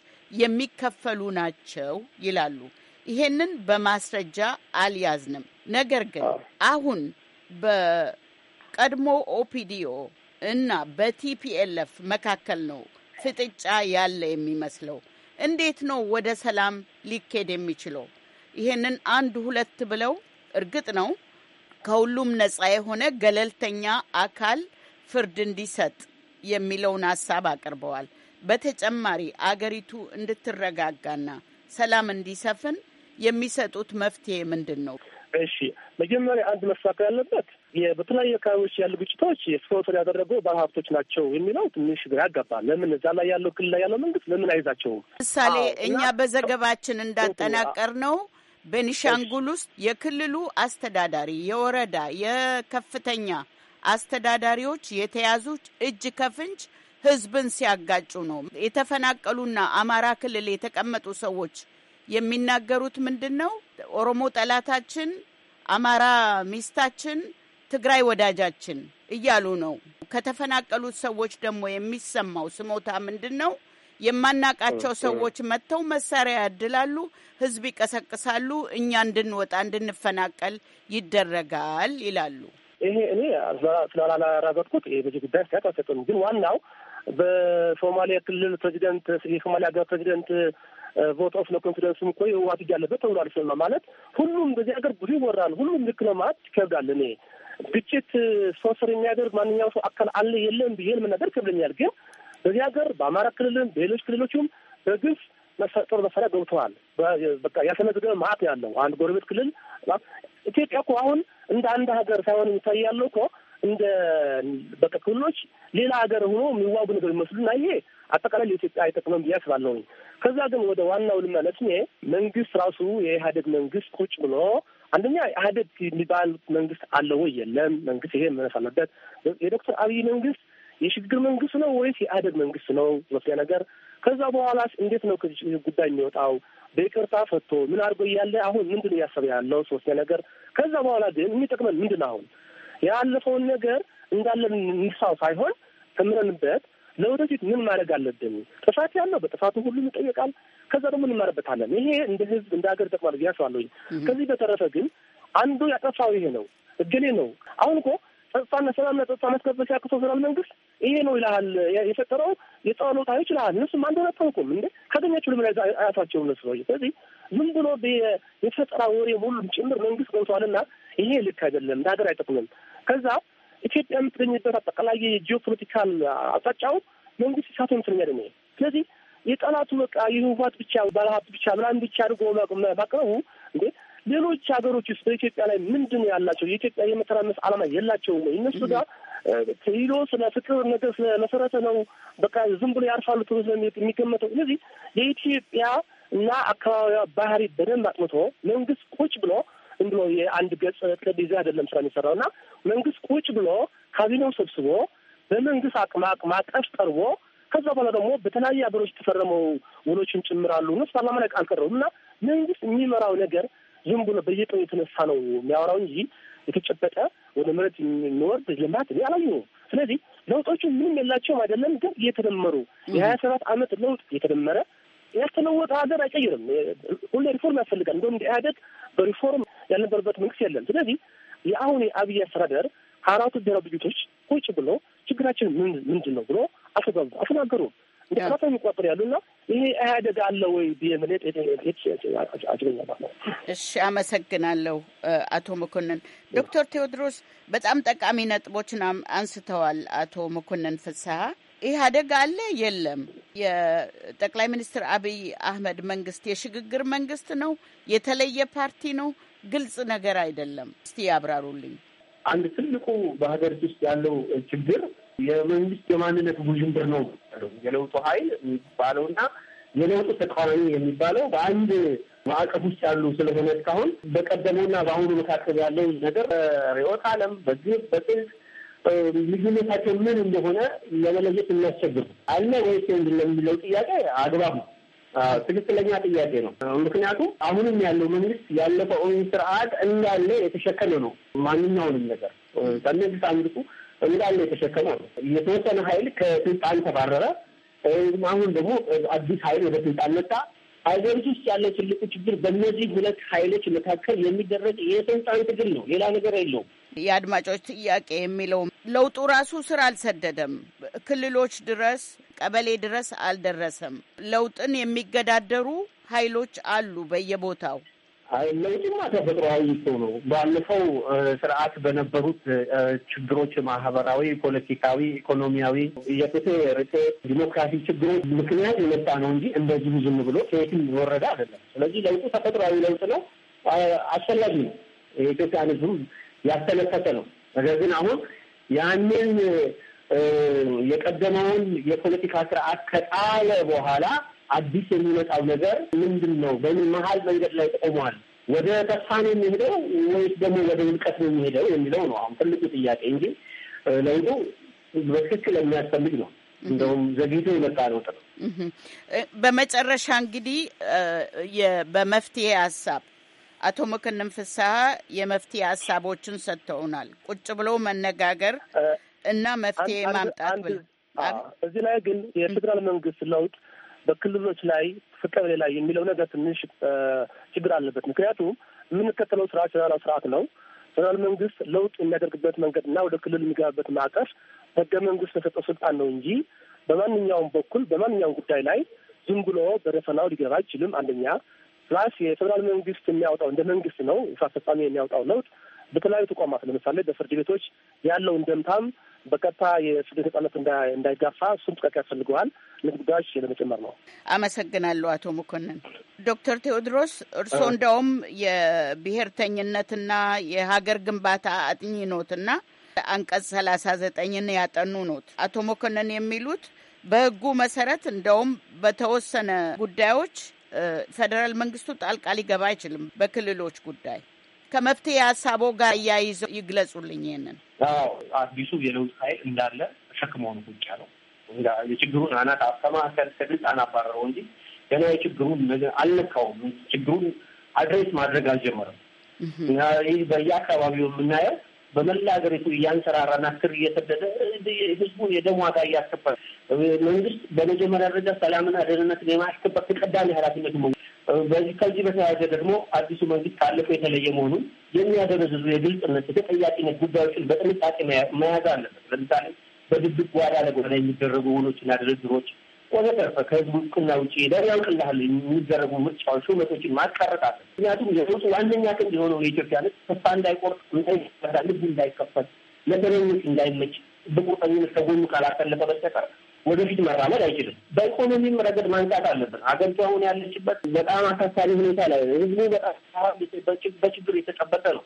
የሚከፈሉ ናቸው ይላሉ። ይሄንን በማስረጃ አልያዝንም። ነገር ግን አሁን በቀድሞ ኦፒዲዮ እና በቲፒኤልኤፍ መካከል ነው ፍጥጫ ያለ የሚመስለው። እንዴት ነው ወደ ሰላም ሊኬድ የሚችለው? ይሄንን አንድ ሁለት ብለው እርግጥ ነው ከሁሉም ነጻ የሆነ ገለልተኛ አካል ፍርድ እንዲሰጥ የሚለውን ሀሳብ አቅርበዋል። በተጨማሪ አገሪቱ እንድትረጋጋና ሰላም እንዲሰፍን የሚሰጡት መፍትሄ ምንድን ነው? እሺ መጀመሪያ አንድ መሳካት ያለበት በተለያዩ አካባቢዎች ያሉ ግጭቶች ስፖንሰር ያደረጉ ባለሀብቶች ናቸው የሚለው ትንሽ ግራ ያጋባል። ለምን እዛ ላይ ያለው ክልል ላይ ያለው መንግስት ለምን አይዛቸውም? ምሳሌ እኛ በዘገባችን እንዳጠናቀር ነው በኒሻንጉል ውስጥ የክልሉ አስተዳዳሪ፣ የወረዳ የከፍተኛ አስተዳዳሪዎች የተያዙ እጅ ከፍንጅ ህዝብን ሲያጋጩ ነው። የተፈናቀሉና አማራ ክልል የተቀመጡ ሰዎች የሚናገሩት ምንድን ነው? ኦሮሞ ጠላታችን፣ አማራ ሚስታችን ትግራይ ወዳጃችን እያሉ ነው። ከተፈናቀሉት ሰዎች ደግሞ የሚሰማው ስሞታ ምንድን ነው? የማናቃቸው ሰዎች መጥተው መሳሪያ ያድላሉ፣ ህዝብ ይቀሰቅሳሉ፣ እኛ እንድንወጣ እንድንፈናቀል ይደረጋል ይላሉ። ይሄ እኔ ስላላረገጥኩት በዚህ ጉዳይ ስያት አልሰጡም። ግን ዋናው በሶማሌ ክልል ፕሬዚደንት የሶማሌ ሀገር ፕሬዚደንት ቮት ኦፍ ኖ ኮንፊደንስም እኮ የህወሓት እጅ አለበት ተብሏል። ስማ ማለት ሁሉም በዚህ ሀገር ብዙ ይወራል። ሁሉም ልክ ነው ማለት ይከብዳል። እኔ ግጭት ስፖንሰር የሚያደርግ ማንኛው ሰው አካል አለ የለም ብዬ ለመናገር ከብለኛል። ግን በዚህ ሀገር በአማራ ክልልም በሌሎች ክልሎችም በግፍ ጦር መሳሪያ ገብተዋል። በቃ ያልተመዘገበ ማዕት ያለው አንድ ጎረቤት ክልል ኢትዮጵያ እኮ አሁን እንደ አንድ ሀገር ሳይሆን የሚታይ ያለው እኮ እንደ በቃ ክልሎች ሌላ ሀገር ሆኖ የሚዋጉ ነገር ይመስሉና ይሄ አጠቃላይ ለኢትዮጵያ አይጠቅመም ብዬ አስባለሁኝ። ከዛ ግን ወደ ዋናው ልመለስ። እኔ መንግስት ራሱ የኢህአደግ መንግስት ቁጭ ብሎ አንደኛ ኢህአደግ የሚባል መንግስት አለ ወይ የለም? መንግስት ይሄ መመለስ አለበት። የዶክተር አብይ መንግስት የሽግግር መንግስት ነው ወይስ የኢህአዴግ መንግስት ነው? ሁለተኛ ነገር ከዛ በኋላስ እንዴት ነው ከዚህ ጉዳይ የሚወጣው? በይቅርታ ፈቶ ምን አድርጎ እያለ አሁን ምንድን ነው እያሰበ ያለው? ሶስተኛ ነገር ከዛ በኋላ ግን የሚጠቅመን ምንድን ነው አሁን ያለፈውን ነገር እንዳለን እንርሳው ሳይሆን ተምረንበት ለወደፊት ምን ማድረግ አለብን። ጥፋት ያለው በጥፋቱ ሁሉ ይጠየቃል። ከዛ ደግሞ እንማርበታለን። ይሄ እንደ ህዝብ እንደ ሀገር ጠቅማል ብዬ ከዚህ በተረፈ ግን አንዱ ያጠፋው ይሄ ነው እገሌ ነው አሁን እኮ ጸጥታና ሰላምና ጸጥታ ማስከበር ሲያቅተው ፌደራል መንግስት ይሄ ነው ይልሃል። የፈጠረው የጸዋሎ ታዮች ይችላል እነሱ አንድ አታውቁም እንደ ከተኛችሁ ልምን አያቷቸው እነሱ ነው። ስለዚህ ዝም ብሎ የፈጠራ ወሬ ሁሉም ጭምር መንግስት ገብተዋልና ይሄ ልክ አይደለም፣ ለሀገር አይጠቅምም። ከዛ ኢትዮጵያ የምትገኝበት አጠቃላይ የጂኦፖለቲካል አቅጣጫው መንግስት ሳቱን ትኛደ ነው። ስለዚህ የጠላቱ በቃ የህወሓት ብቻ ባለሀብት ብቻ ምናምን ብቻ አድርጎ ማቅረቡ እንዴ ሌሎች ሀገሮች ውስጥ በኢትዮጵያ ላይ ምንድን ያላቸው? የኢትዮጵያ የመተራመስ አላማ የላቸውም ወይ? እነሱ ጋር ተይሎ ስለ ፍቅር ነገር ስለመሰረተ ነው በቃ ዝም ብሎ ያርፋሉ ተብሎ የሚገመተው። ስለዚህ የኢትዮጵያ እና አካባቢዋ ባህሪ በደንብ አጥምቶ መንግስት ቁጭ ብሎ ዝም ብሎ የአንድ ገጽ ቅድ ይዘህ አይደለም ስራ የሚሰራው እና መንግስት ቁጭ ብሎ ካቢኔው ሰብስቦ በመንግስት አቅማቅ ማቀፍ ቀርቦ ከዛ በኋላ ደግሞ በተለያዩ ሀገሮች የተፈረመው ውሎችን ጭምራሉ። እነሱ ፓርላማ ላይ አልቀረቡም እና መንግስት የሚመራው ነገር ዝም ብሎ በየቀኑ የተነሳ ነው የሚያወራው እንጂ የተጨበጠ ወደ መሬት የሚወርድ ልማት እኔ አላየሁም። ስለዚህ ለውጦቹ ምንም የላቸውም አይደለም፣ ግን እየተደመሩ የሀያ ሰባት አመት ለውጥ እየተደመረ ያልተለወጠ ሀገር አይቀይርም። ሁሌ ሪፎርም ያስፈልጋል። እንደውም ኢህአዴግ በሪፎርም ያልነበረበት መንግስት የለም። ስለዚህ የአሁን የአብይ አስተዳደር ከአራቱ ብሔራዊ ድርጅቶች ቁጭ ብሎ ችግራችን ምንድን ነው ብሎ አልተጓዙም፣ አልተናገሩም። በጣት የሚቆጠር ያሉ ይሄ ኢህአዴግ አለ ወይ ብየምኔ እሺ፣ አመሰግናለሁ አቶ መኮንን። ዶክተር ቴዎድሮስ በጣም ጠቃሚ ነጥቦችን አንስተዋል አቶ መኮንን ፍስሀ። ኢህአዴግ አለ የለም? የጠቅላይ ሚኒስትር አብይ አህመድ መንግስት የሽግግር መንግስት ነው? የተለየ ፓርቲ ነው? ግልጽ ነገር አይደለም። እስቲ ያብራሩልኝ። አንድ ትልቁ በሀገሪቱ ውስጥ ያለው ችግር የመንግስት የማንነት ውዥንብር ነው የለውጡ ኃይል የሚባለውና የለውጡ ተቃዋሚ የሚባለው በአንድ ማዕቀፍ ውስጥ ያሉ ስለሆነ እስካሁን በቀደመውና በአሁኑ መካከል ያለው ነገር በርዕዮተ ዓለም በግብ በጥልቅ ልዩነታቸው ምን እንደሆነ ለመለየት የሚያስቸግር አለ ወይስ የሚለው ጥያቄ አግባብ ነው። ትክክለኛ ጥያቄ ነው። ምክንያቱም አሁንም ያለው መንግስት ያለፈው ስርዓት እንዳለ የተሸከመ ነው። ማንኛውንም ነገር ከነዚህ አንዱ እንዳለ የተሸከመ ነው። የተወሰነ ኃይል ከስልጣን ተባረረ። አሁን ደግሞ አዲስ ኃይል ወደ ስልጣን መጣ። አገሪቱ ውስጥ ያለ ትልቁ ችግር በእነዚህ ሁለት ኃይሎች መካከል የሚደረግ የስልጣን ትግል ነው። ሌላ ነገር የለውም። የአድማጮች ጥያቄ የሚለው ለውጡ ራሱ ስር አልሰደደም። ክልሎች ድረስ ቀበሌ ድረስ አልደረሰም። ለውጥን የሚገዳደሩ ኃይሎች አሉ በየቦታው ለውጭማ ተፈጥሯዊ ሰው ነው። ባለፈው ስርዓት በነበሩት ችግሮች ማህበራዊ፣ ፖለቲካዊ፣ ኢኮኖሚያዊ የፍትህ ርቴ ዲሞክራሲ ችግሮች ምክንያት የመጣ ነው እንጂ እንደዚህ ዝም ብሎ ከየትም ወረደ አይደለም። ስለዚህ ለውጡ ተፈጥሯዊ ለውጥ ነው፣ አስፈላጊ ነው። የኢትዮጵያን ሕዝብ ያስተነፈሰ ነው። ነገር ግን አሁን ያንን የቀደመውን የፖለቲካ ስርዓት ከጣለ በኋላ አዲስ የሚመጣው ነገር ምንድን ነው? በምን መሀል መንገድ ላይ ቆሟል ወደ ተስፋ ነው የሚሄደው ወይስ ደግሞ ወደ ውድቀት ነው የሚሄደው የሚለው ነው አሁን ትልቁ ጥያቄ እንጂ ለውጡ በትክክል የሚያስፈልግ ነው። እንደውም ዘግይቶ የመጣ ለውጥ ነው። በመጨረሻ እንግዲህ በመፍትሄ ሀሳብ አቶ መኮንን ፍስሀ የመፍትሄ ሀሳቦችን ሰጥተውናል። ቁጭ ብሎ መነጋገር እና መፍትሄ ማምጣት ብለው እዚህ ላይ ግን የፌዴራል መንግስት ለውጥ በክልሎች ላይ ፍቅር ሌላ የሚለው ነገር ትንሽ ችግር አለበት። ምክንያቱም የምንከተለው ስርዓት ፌዴራላዊ ስርዓት ነው። ፌዴራል መንግስት ለውጥ የሚያደርግበት መንገድ እና ወደ ክልል የሚገባበት ማዕቀፍ ህገ መንግስት ተሰጠው ስልጣን ነው እንጂ በማንኛውም በኩል በማንኛውም ጉዳይ ላይ ዝም ብሎ በደፈናው ሊገባ አይችልም። አንደኛ ፕላስ የፌዴራል መንግስት የሚያወጣው እንደ መንግስት ነው ስራ አስፈጻሚ የሚያወጣው ለውጥ በተለያዩ ተቋማት ለምሳሌ በፍርድ ቤቶች ያለውን ደምታም በቀጥታ የስደት ህጻናት እንዳይጋፋ እሱም ጥቃት ያስፈልገዋል። እነዚህ ጉዳዮች ለመጨመር ነው። አመሰግናለሁ አቶ መኮንን። ዶክተር ቴዎድሮስ እርስዎ እንደውም የብሔርተኝነትና የሀገር ግንባታ አጥኚ ኖትና አንቀጽ ሰላሳ ዘጠኝን ያጠኑ ኖት። አቶ መኮንን የሚሉት በህጉ መሰረት እንደውም በተወሰነ ጉዳዮች ፌዴራል መንግስቱ ጣልቃ ሊገባ አይችልም በክልሎች ጉዳይ ከመፍትሄ ሀሳቦ ጋር እያይዘው ይግለጹልኝ። ይህንን አዲሱ የለውጥ ኃይል እንዳለ ተሸክመው ነው ቁጭ ያለው። የችግሩን አናት ከማዕከል ከስልጣን አባረረው እንጂ ገና የችግሩን አልነካውም። ችግሩን አድሬስ ማድረግ አልጀመረም። ይህ በየአካባቢው የምናየው በመላ ሀገሪቱ እያንሰራራና ክር እየሰደደ ህዝቡን የደም ዋጋ እያስከበረ መንግስት በመጀመሪያ ደረጃ ሰላምና ደህንነት የማስከበር ተቀዳሚ መንግስት በዚህ ከዚህ በተያያዘ ደግሞ አዲሱ መንግስት ካለፈው የተለየ መሆኑን የሚያደበዝዙ የግልጽነት የተጠያቂነት ጉዳዮችን በጥንቃቄ መያዝ አለበት። ለምሳሌ በድብቅ ዋዳ ለጓዳ የሚደረጉ ውሎችና ድርድሮች ወዘተርፈ ከህዝቡ እውቅና ውጭ ሄደን ያውቅልሃል የሚደረጉ ምርጫዎች፣ ሹመቶችን ማስቀረት አለ። ምክንያቱም የለውጡ ዋነኛ ክንድ የሆነው የኢትዮጵያ ህዝብ ተስፋ እንዳይቆርጥ፣ እንዳይፈታ፣ ልብ እንዳይከፈት፣ ለተረኞች እንዳይመች በቁርጠኝነት ከጎኑ ካላሰለፈ በስተቀር ወደፊት መራመድ አይችልም። በኢኮኖሚም ረገድ ማንቃት አለብን። ሀገሪቱ አሁን ያለችበት በጣም አሳሳቢ ሁኔታ ላይ ህዝቡ በጣም በችግር የተጠበቀ ነው።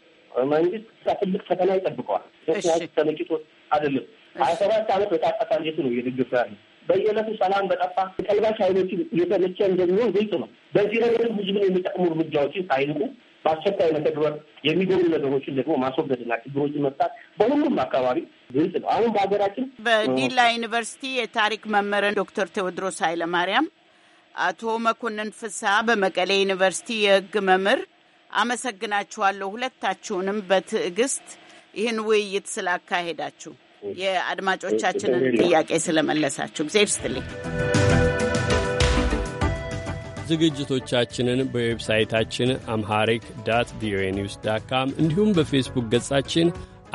መንግስት ትልቅ ፈተና ይጠብቀዋል። ምክንያቱ ተመጭቶ አይደለም። ሀያ ሰባት አመት በጣፈታ እንዴት ነው እየደገፈ ያለ በየዕለቱ ሰላም በጠፋ ቀልባሽ ኃይሎችን እየተመቸ እንደሚሆን ግልጽ ነው። በዚህ ረገድ ህዝብን የሚጠቅሙ እርምጃዎችን ሳይንቁ በአስቸኳይ መተግበር የሚጎሉ ነገሮችን ደግሞ ማስወገድና ችግሮችን መፍታት በሁሉም አካባቢ ግልጽ ነው። አሁን በሀገራችን በዲላ ዩኒቨርሲቲ የታሪክ መምህር ዶክተር ቴዎድሮስ ኃይለማርያም፣ አቶ መኮንን ፍስሐ በመቀሌ ዩኒቨርሲቲ የህግ መምህር አመሰግናችኋለሁ ሁለታችሁንም በትዕግስት ይህን ውይይት ስላካሄዳችሁ የአድማጮቻችንን ጥያቄ ስለመለሳችሁ እግዚአብሔር ይስጥልኝ። ዝግጅቶቻችንን በዌብሳይታችን አምሃሪክ ዳት ቪኦኤ ኒውስ ዳት ካም እንዲሁም በፌስቡክ ገጻችን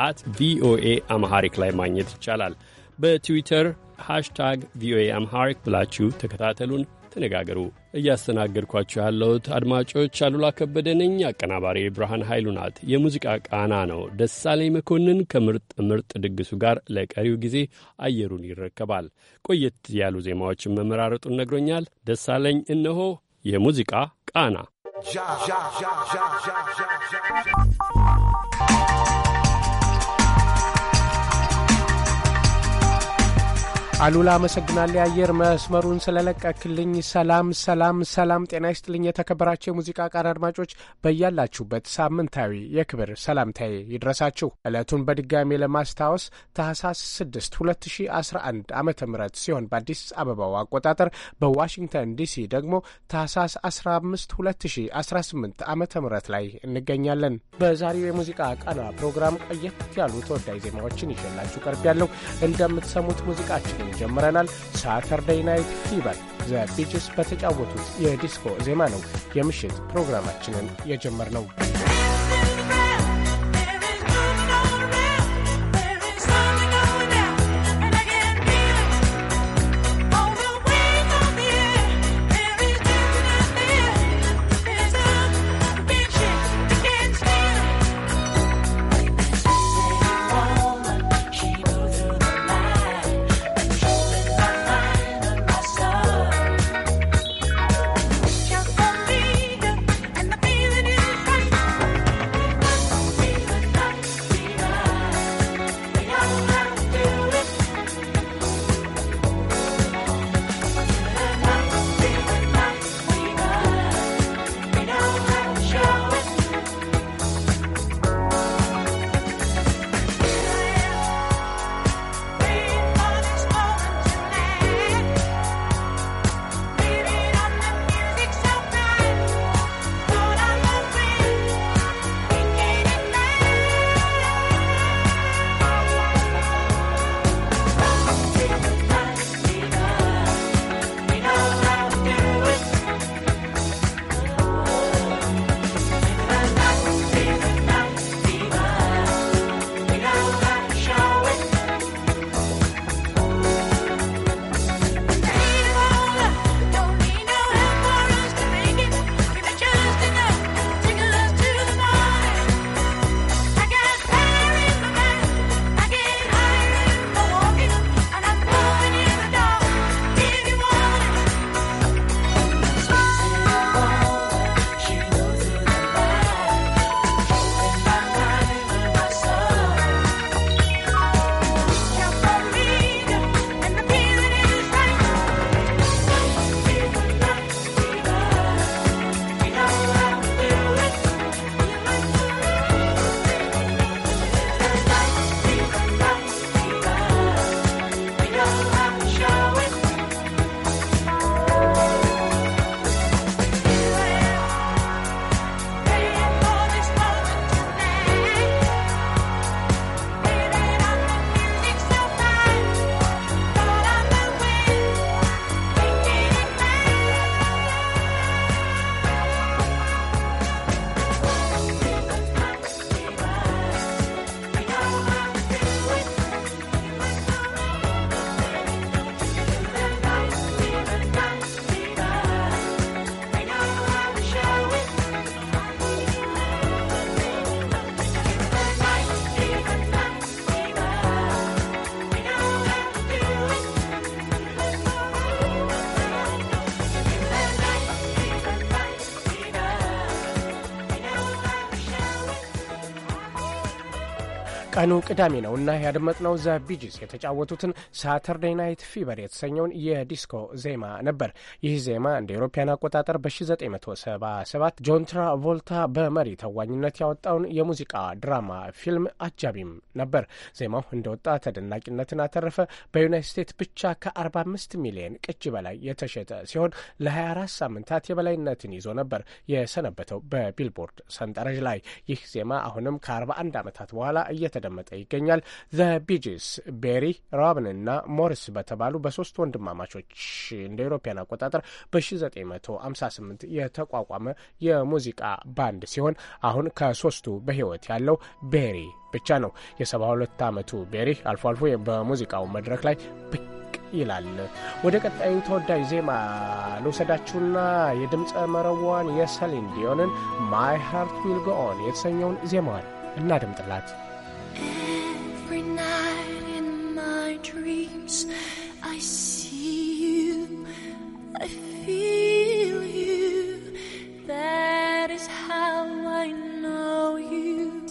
አት ቪኦኤ አምሃሪክ ላይ ማግኘት ይቻላል። በትዊተር ሃሽታግ ቪኦኤ አምሃሪክ ብላችሁ ተከታተሉን፣ ተነጋገሩ። እያስተናገድኳችሁ ያለሁት አድማጮች አሉላ ከበደ ነኝ። አቀናባሪ ብርሃን ኃይሉ ናት። የሙዚቃ ቃና ነው። ደሳለኝ መኮንን ከምርጥ ምርጥ ድግሱ ጋር ለቀሪው ጊዜ አየሩን ይረከባል። ቆየት ያሉ ዜማዎችን መመራረጡን ነግሮኛል። ደሳለኝ እነሆ የሙዚቃ ቃና አሉላ አመሰግናል የአየር መስመሩን ስለለቀክልኝ። ሰላም ሰላም ሰላም፣ ጤና ይስጥልኝ። የተከበራቸው የሙዚቃ ቃና አድማጮች በያላችሁበት ሳምንታዊ የክብር ሰላምታዬ ይድረሳችሁ። ዕለቱን በድጋሜ ለማስታወስ ታህሳስ 6 2011 ዓ ም ሲሆን በአዲስ አበባው አቆጣጠር፣ በዋሽንግተን ዲሲ ደግሞ ታህሳስ 15 2018 ዓ ም ላይ እንገኛለን። በዛሬው የሙዚቃ ቃና ፕሮግራም ቀየት ያሉ ተወዳጅ ዜማዎችን ይዤላችሁ ቀርብ ያለው እንደምትሰሙት ሙዚቃችን ማድመጥን ጀምረናል። ሳተርዴይ ናይት ፊቨር ዘ ቢችስ በተጫወቱት የዲስኮ ዜማ ነው የምሽት ፕሮግራማችንን የጀመርነው። ቀኑ ቅዳሜ ነውና ያደመጥነው ዘ ቢጂስ የተጫወቱትን ሳተርዴ ናይት ፊቨር የተሰኘውን የዲስኮ ዜማ ነበር። ይህ ዜማ እንደ ኤሮፓያን አቆጣጠር በ1977 ጆን ትራቮልታ በመሪ ተዋኝነት ያወጣውን የሙዚቃ ድራማ ፊልም አጃቢም ነበር። ዜማው እንደወጣ ተደናቂነትን አተረፈ። በዩናይት ስቴትስ ብቻ ከ45 ሚሊዮን ቅጂ በላይ የተሸጠ ሲሆን ለ24 ሳምንታት የበላይነትን ይዞ ነበር የሰነበተው በቢልቦርድ ሰንጠረዥ ላይ። ይህ ዜማ አሁንም ከ41 ዓመታት በኋላ እየተደመጠ ይገኛል። ዘ ቢጂስ ቤሪ ሮቢንና ሞሪስ በተባሉ በሶስት ወንድማማቾች እንደ ኢሮፓያን አቆጣጠር በ1958 የተቋቋመ የሙዚቃ ባንድ ሲሆን አሁን ከሶስቱ በህይወት ያለው ቤሪ ብቻ ነው። የ72 ዓመቱ ቤሪ አልፎ አልፎ በሙዚቃው መድረክ ላይ ብቅ ይላል። ወደ ቀጣዩ ተወዳጅ ዜማ ልውሰዳችሁና የድምፀ መረቧን የሰሊን ዲዮንን ማይ ሃርት ዊል ጎ ኦን የተሰኘውን ዜማዋን እናድምጥላት። my dreams. I see you, I feel you. That is how I know you.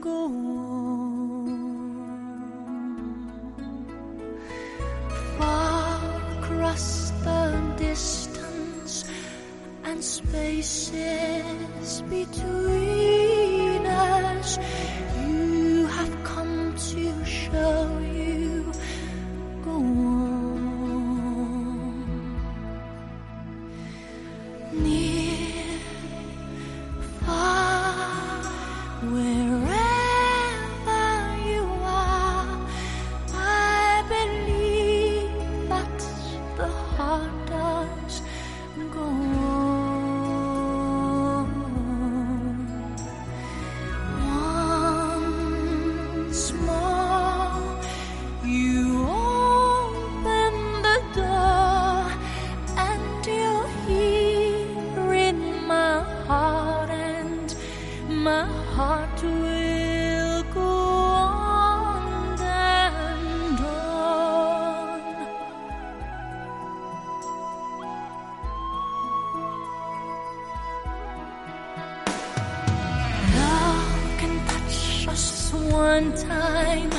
Go on. far across the distance and spaces between us. You have come to show you. 我。one time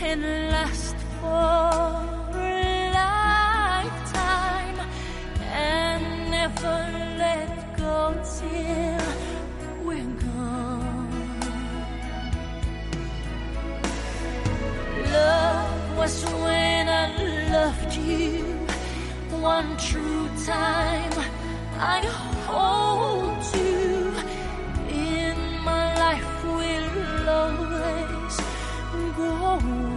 and last for a lifetime and never let go till we're gone. Love was when I loved you one true time. I hold you. 我。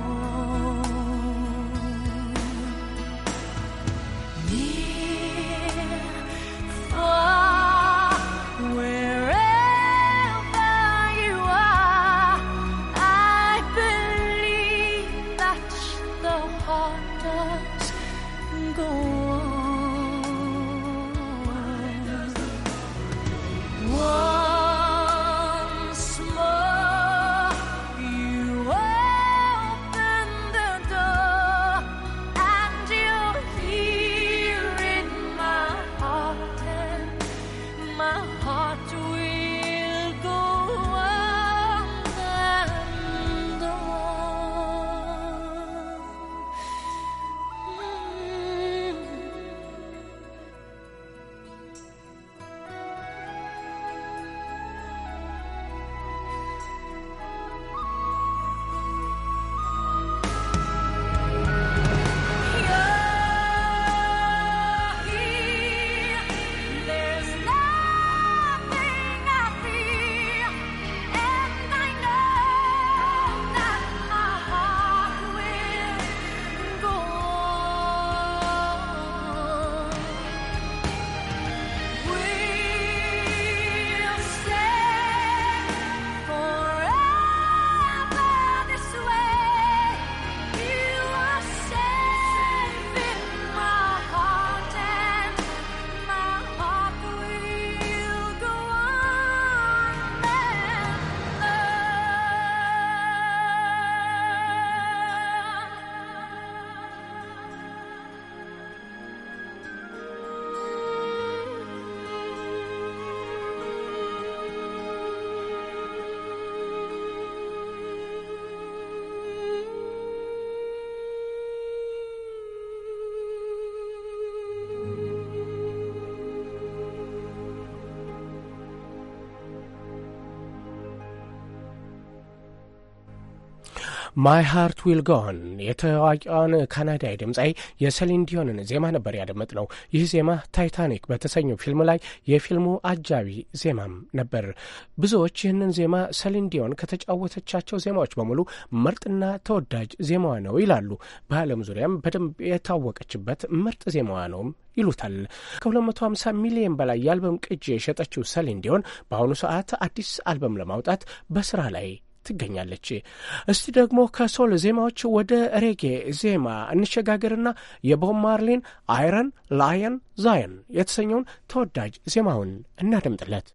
ማይ ሃርት ዊል ጎን የታዋቂዋን ካናዳዊ ድምፃዊ የሰሊን ዲዮንን ዜማ ነበር ያደመጥ ነው። ይህ ዜማ ታይታኒክ በተሰኘው ፊልም ላይ የፊልሙ አጃቢ ዜማም ነበር። ብዙዎች ይህንን ዜማ ሰሊን ዲዮን ከተጫወተቻቸው ዜማዎች በሙሉ ምርጥና ተወዳጅ ዜማዋ ነው ይላሉ። በዓለም ዙሪያም በደንብ የታወቀችበት ምርጥ ዜማዋ ነውም ይሉታል። ከ250 ሚሊዮን በላይ የአልበም ቅጂ የሸጠችው ሰሊን ዲዮን በአሁኑ ሰዓት አዲስ አልበም ለማውጣት በስራ ላይ ትገኛለች። እስቲ ደግሞ ከሶል ዜማዎች ወደ ሬጌ ዜማ እንሸጋገርና የቦብ ማርሊን አይረን ላየን ዛየን የተሰኘውን ተወዳጅ ዜማውን እናደምጥለት።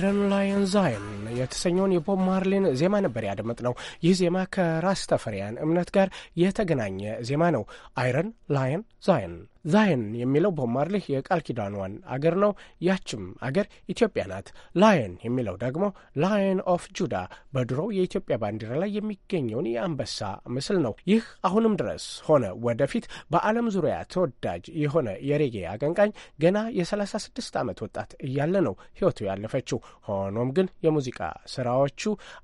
አይረን ላየን ዛይን የተሰኘውን የቦብ ማርሊን ዜማ ነበር ያደመጥ ነው። ይህ ዜማ ከራስተፈሪያን እምነት ጋር የተገናኘ ዜማ ነው። አይረን ላየን ዛይን ዛይን የሚለው ቦብ ማርሌህ የቃል ኪዳኗን አገር ነው። ያችም አገር ኢትዮጵያ ናት። ላየን የሚለው ደግሞ ላየን ኦፍ ጁዳ በድሮው የኢትዮጵያ ባንዲራ ላይ የሚገኘውን የአንበሳ ምስል ነው። ይህ አሁንም ድረስ ሆነ ወደፊት በዓለም ዙሪያ ተወዳጅ የሆነ የሬጌ አቀንቃኝ ገና የ36 ዓመት ወጣት እያለ ነው ህይወቱ ያለፈችው። ሆኖም ግን የሙዚቃ ስራዎቹ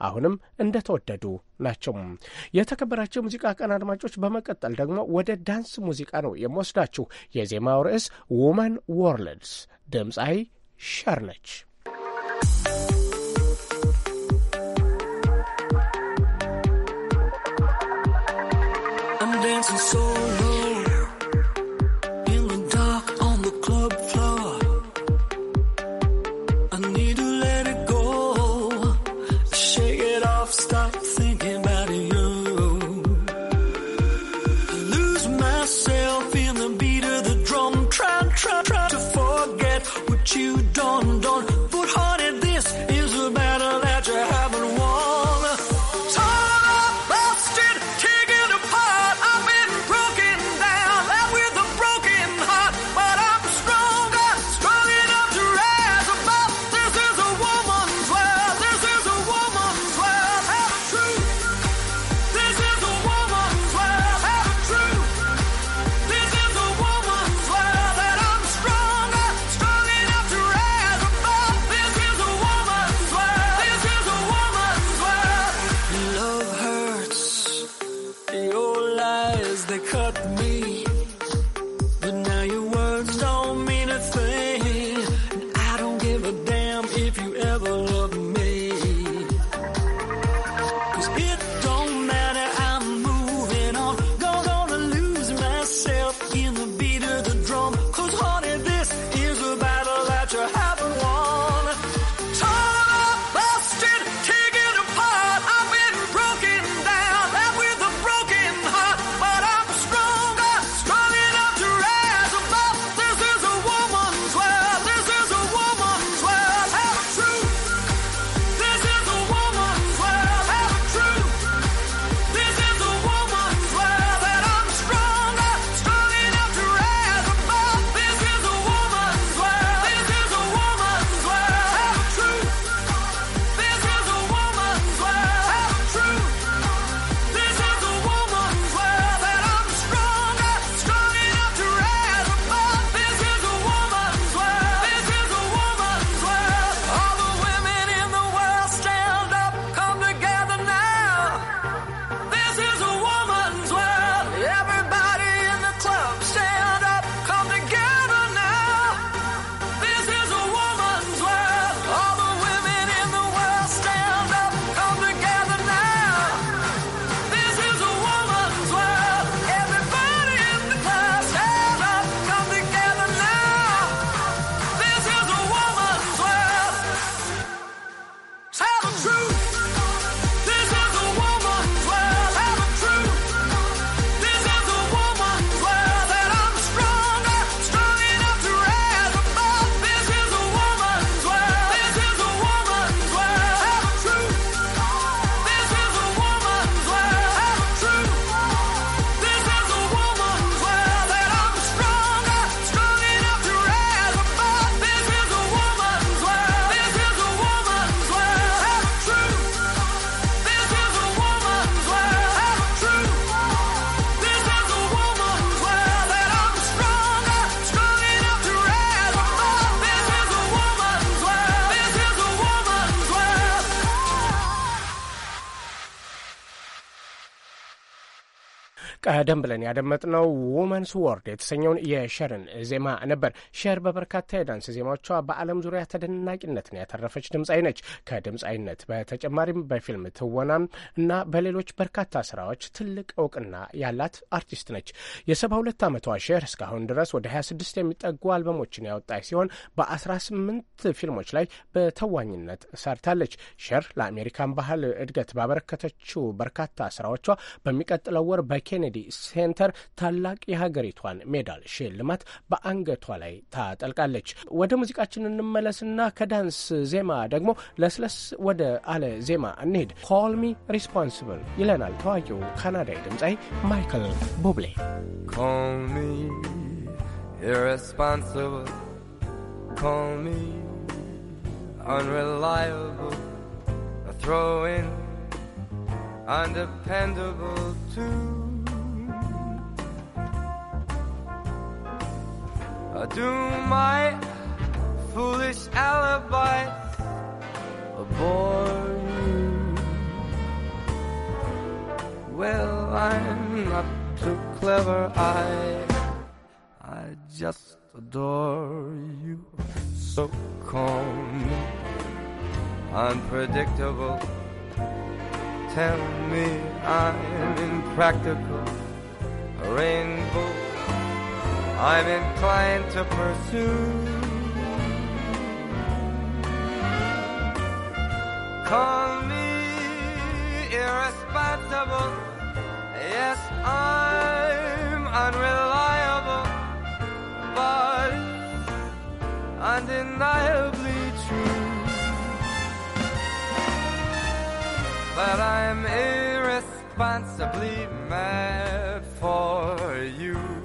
አሁንም እንደተወደዱ ናቸው። የተከበራቸው የሙዚቃ ቀን አድማጮች፣ በመቀጠል ደግሞ ወደ ዳንስ ሙዚቃ ነው የምወስዳችሁ። የዜማው ርዕስ ውመን ወርልድስ፣ ድምፃዊ ሸር ነች። I'm dancing so ቀደም ብለን ያደመጥነው ውመንስ ወርድ የተሰኘውን የሸርን ዜማ ነበር። ሸር በበርካታ የዳንስ ዜማዎቿ በዓለም ዙሪያ ተደናቂነትን ያተረፈች ድምፃዊ ነች። ከድምፃዊነት በተጨማሪም በፊልም ትወናም እና በሌሎች በርካታ ስራዎች ትልቅ እውቅና ያላት አርቲስት ነች። የሰባ ሁለት ዓመቷ ሸር እስካሁን ድረስ ወደ 26 የሚጠጉ አልበሞችን ያወጣች ሲሆን በ18 ፊልሞች ላይ በተዋኝነት ሰርታለች። ሸር ለአሜሪካን ባህል እድገት ባበረከተችው በርካታ ስራዎቿ በሚቀጥለው ወር በኬኔዲ ሴንተር ታላቅ የሀገሪቷን ሜዳል ሽልማት በአንገቷ ላይ ታጠልቃለች። ወደ ሙዚቃችን እንመለስና ከዳንስ ዜማ ደግሞ ለስለስ ወደ አለ ዜማ እንሄድ። ኮልሚ ሪስፖንስብል ይለናል ታዋቂው ካናዳዊ ድምፃዊ ማይክል ቡብሌ። unreliable, a throw in, undependable too. I do my foolish alibis bore you. Well, I'm not too clever, I, I just adore you. So calm, unpredictable. Tell me I'm impractical. A rainbow I'm inclined to pursue. Call me irresponsible. Yes, I'm unreliable, but undeniably true. But I'm irresponsibly mad for you.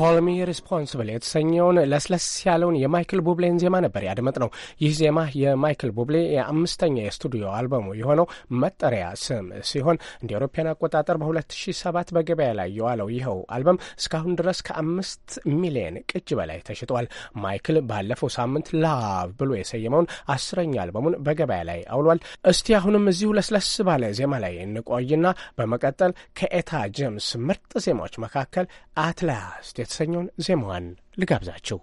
ኮልሚ ሪስፖንስብል የተሰኘውን ለስለስ ያለውን የማይክል ቡብሌን ዜማ ነበር ያድመጥ ነው። ይህ ዜማ የማይክል ቡብሌ የአምስተኛ የስቱዲዮ አልበሙ የሆነው መጠሪያ ስም ሲሆን እንደ አውሮፓውያን አቆጣጠር በ2007 በገበያ ላይ የዋለው ይኸው አልበም እስካሁን ድረስ ከአምስት ሚሊየን ቅጅ በላይ ተሽጧል። ማይክል ባለፈው ሳምንት ላቭ ብሎ የሰየመውን አስረኛ አልበሙን በገበያ ላይ አውሏል። እስቲ አሁንም እዚሁ ለስለስ ባለ ዜማ ላይ እንቆይና በመቀጠል ከኤታ ጄምስ ምርጥ ዜማዎች መካከል አትላስ የተሰኘውን ዜማዋን ልጋብዛችሁ።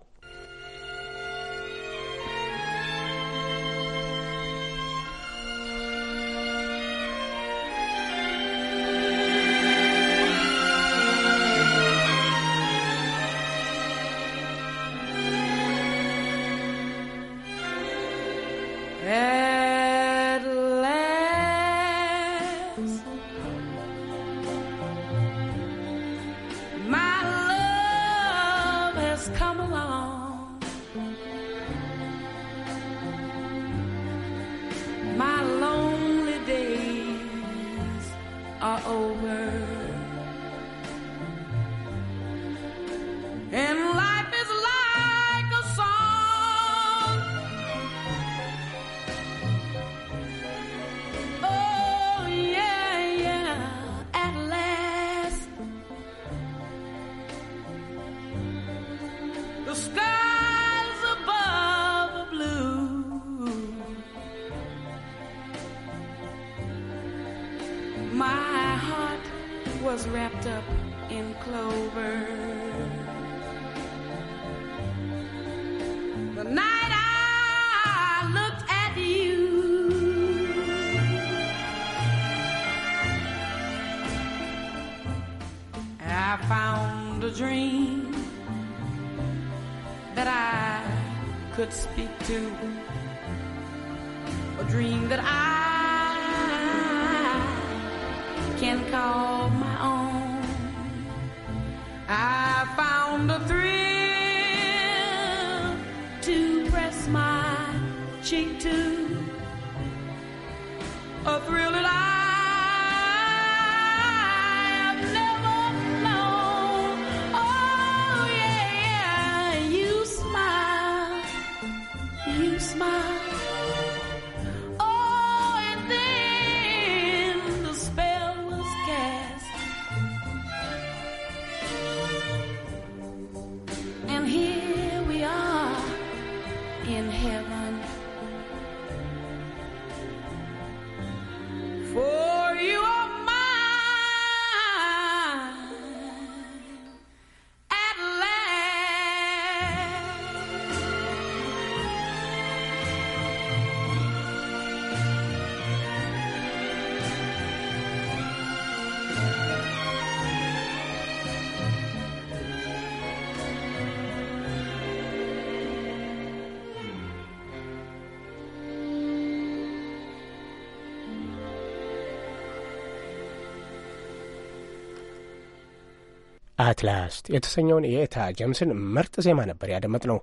አትላስት የተሰኘውን የኤታ ጀምስን ምርጥ ዜማ ነበር ያደመጥ ነው።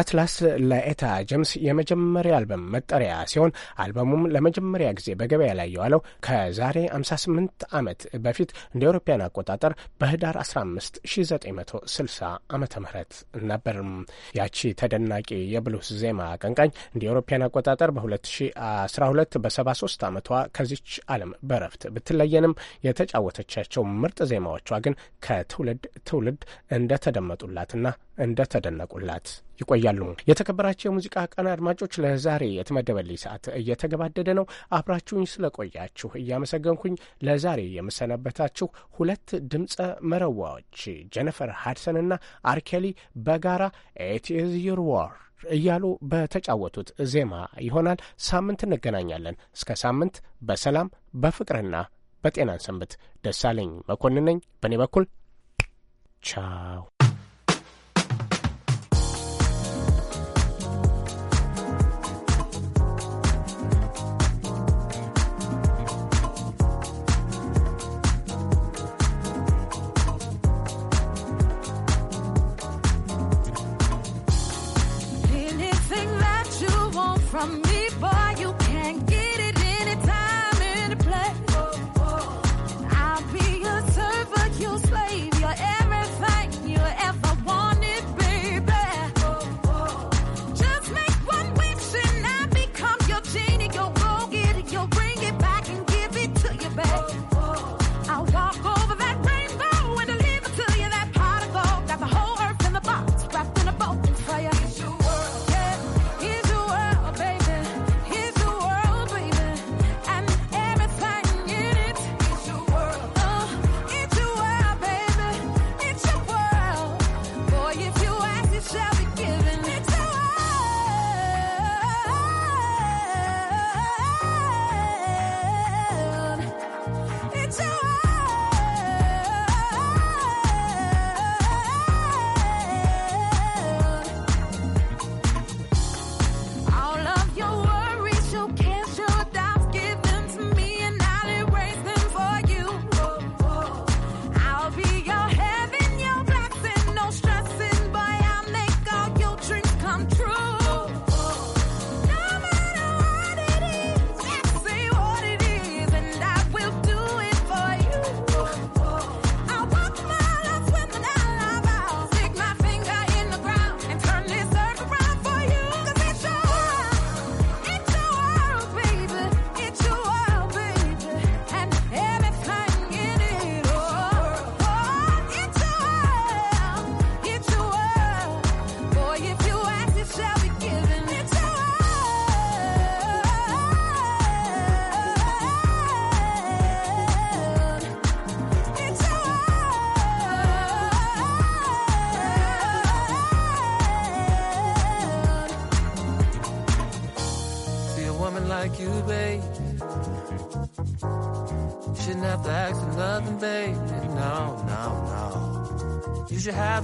አትላስት ለኤታ ጀምስ የመጀመሪያ አልበም መጠሪያ ሲሆን አልበሙም ለመጀመሪያ ጊዜ በገበያ ላይ የዋለው ከዛሬ 58 ዓመት በፊት እንደ አውሮፓውያን አቆጣጠር በህዳር 15 1960 ዓ. ምህረት ነበር። ያቺ ተደናቂ የብሉስ ዜማ አቀንቃኝ እንደ አውሮፓውያን አቆጣጠር በ2012 በ73 ዓመቷ ከዚች ዓለም በረፍት ብትለየንም የተጫወተቻቸው ምርጥ ዜማዎቿ ግን ከትውልድ ትውልድ እንደተደመጡላትና እንደተደነቁላት ይቆያሉ። የተከበራቸው የሙዚቃ ቀን አድማጮች፣ ለዛሬ የተመደበልኝ ሰዓት እየተገባደደ ነው። አብራችሁኝ ስለቆያችሁ እያመሰገንኩኝ ለዛሬ የምሰነበታችሁ ሁለት ድምፀ መረዋዎች ጀነፈር ሃድሰንና አርኬሊ በጋራ ኢት ዩር ዋር እያሉ በተጫወቱት ዜማ ይሆናል። ሳምንት እንገናኛለን። እስከ ሳምንት በሰላም በፍቅርና በጤናን ሰንብት። ደሳለኝ መኮንን ነኝ። በእኔ በኩል Ciao.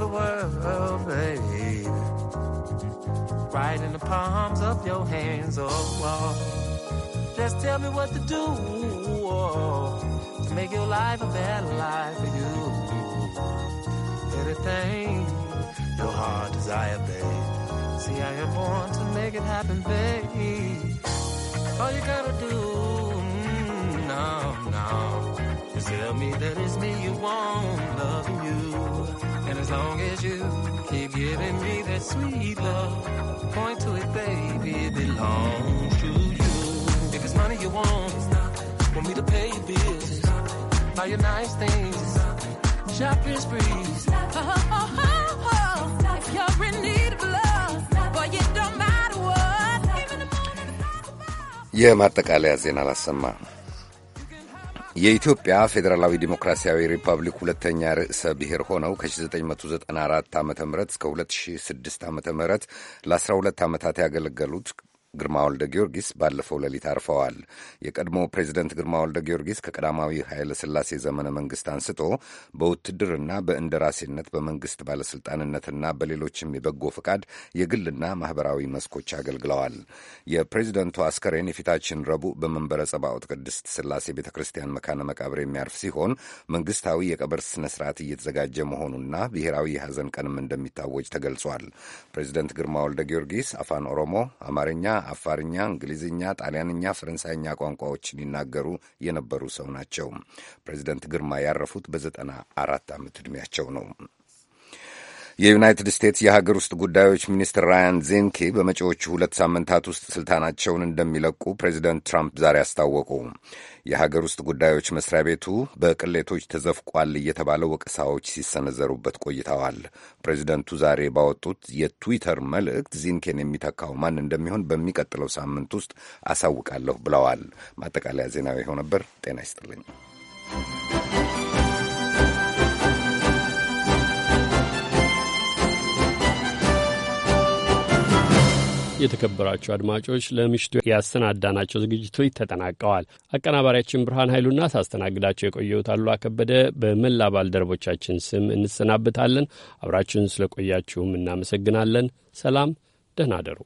the world, baby. Right in the palms of your hands, oh, oh. Just tell me what to do oh, to make your life a better life for you. Anything your heart desire, baby. See, I am born to make it happen, baby. as long as you keep giving me that sweet love. Point to it, baby, it belongs to you. If it's money you want, want me to pay your bills, buy your nice things, shopping sprees. Oh, [LAUGHS] oh, If you're in need of love, boy, it don't matter what. የማጠቃለያ ዜና አላሰማ የኢትዮጵያ ፌዴራላዊ ዴሞክራሲያዊ ሪፐብሊክ ሁለተኛ ርዕሰ ብሔር ሆነው ከ1994 ዓ ም እስከ 2006 ዓ ም ለ12 ዓመታት ያገለገሉት ግርማ ወልደ ጊዮርጊስ ባለፈው ሌሊት አርፈዋል። የቀድሞ ፕሬዚደንት ግርማ ወልደ ጊዮርጊስ ከቀዳማዊ ኃይለ ሥላሴ ዘመነ መንግሥት አንስቶ በውትድርና በእንደራሴነት በመንግሥት ባለሥልጣንነትና በሌሎችም የበጎ ፈቃድ የግልና ማኅበራዊ መስኮች አገልግለዋል። የፕሬዚደንቱ አስከሬን የፊታችን ረቡዕ በመንበረ ጸባኦት ቅድስት ሥላሴ ቤተ ክርስቲያን መካነ መቃብር የሚያርፍ ሲሆን መንግሥታዊ የቀብር ሥነ ሥርዓት እየተዘጋጀ መሆኑና ብሔራዊ የሐዘን ቀንም እንደሚታወጅ ተገልጿል። ፕሬዚደንት ግርማ ወልደ ጊዮርጊስ አፋን ኦሮሞ፣ አማርኛ፣ አፋርኛ፣ እንግሊዝኛ፣ ጣሊያንኛ፣ ፈረንሳይኛ ቋንቋዎችን ይናገሩ የነበሩ ሰው ናቸው። ፕሬዚደንት ግርማ ያረፉት በዘጠና አራት ዓመት ዕድሜያቸው ነው። የዩናይትድ ስቴትስ የሀገር ውስጥ ጉዳዮች ሚኒስትር ራያን ዜንኬ በመጪዎቹ ሁለት ሳምንታት ውስጥ ስልጣናቸውን እንደሚለቁ ፕሬዚደንት ትራምፕ ዛሬ አስታወቁ። የሀገር ውስጥ ጉዳዮች መስሪያ ቤቱ በቅሌቶች ተዘፍቋል እየተባለ ወቀሳዎች ሲሰነዘሩበት ቆይተዋል። ፕሬዚደንቱ ዛሬ ባወጡት የትዊተር መልእክት ዚንኬን የሚተካው ማን እንደሚሆን በሚቀጥለው ሳምንት ውስጥ አሳውቃለሁ ብለዋል። ማጠቃለያ ዜናዊ ይኸው ነበር። ጤና ይስጥልኝ። የተከበራቸው አድማጮች ለምሽቱ ያሰናዳናቸው ዝግጅቶች ተጠናቀዋል። አቀናባሪያችን ብርሃን ኃይሉና ሳስተናግዳቸው የቆየሁት አሉላ ከበደ በመላ ባልደረቦቻችን ስም እንሰናብታለን። አብራችሁን ስለቆያችሁም እናመሰግናለን። ሰላም፣ ደህና አደሩ።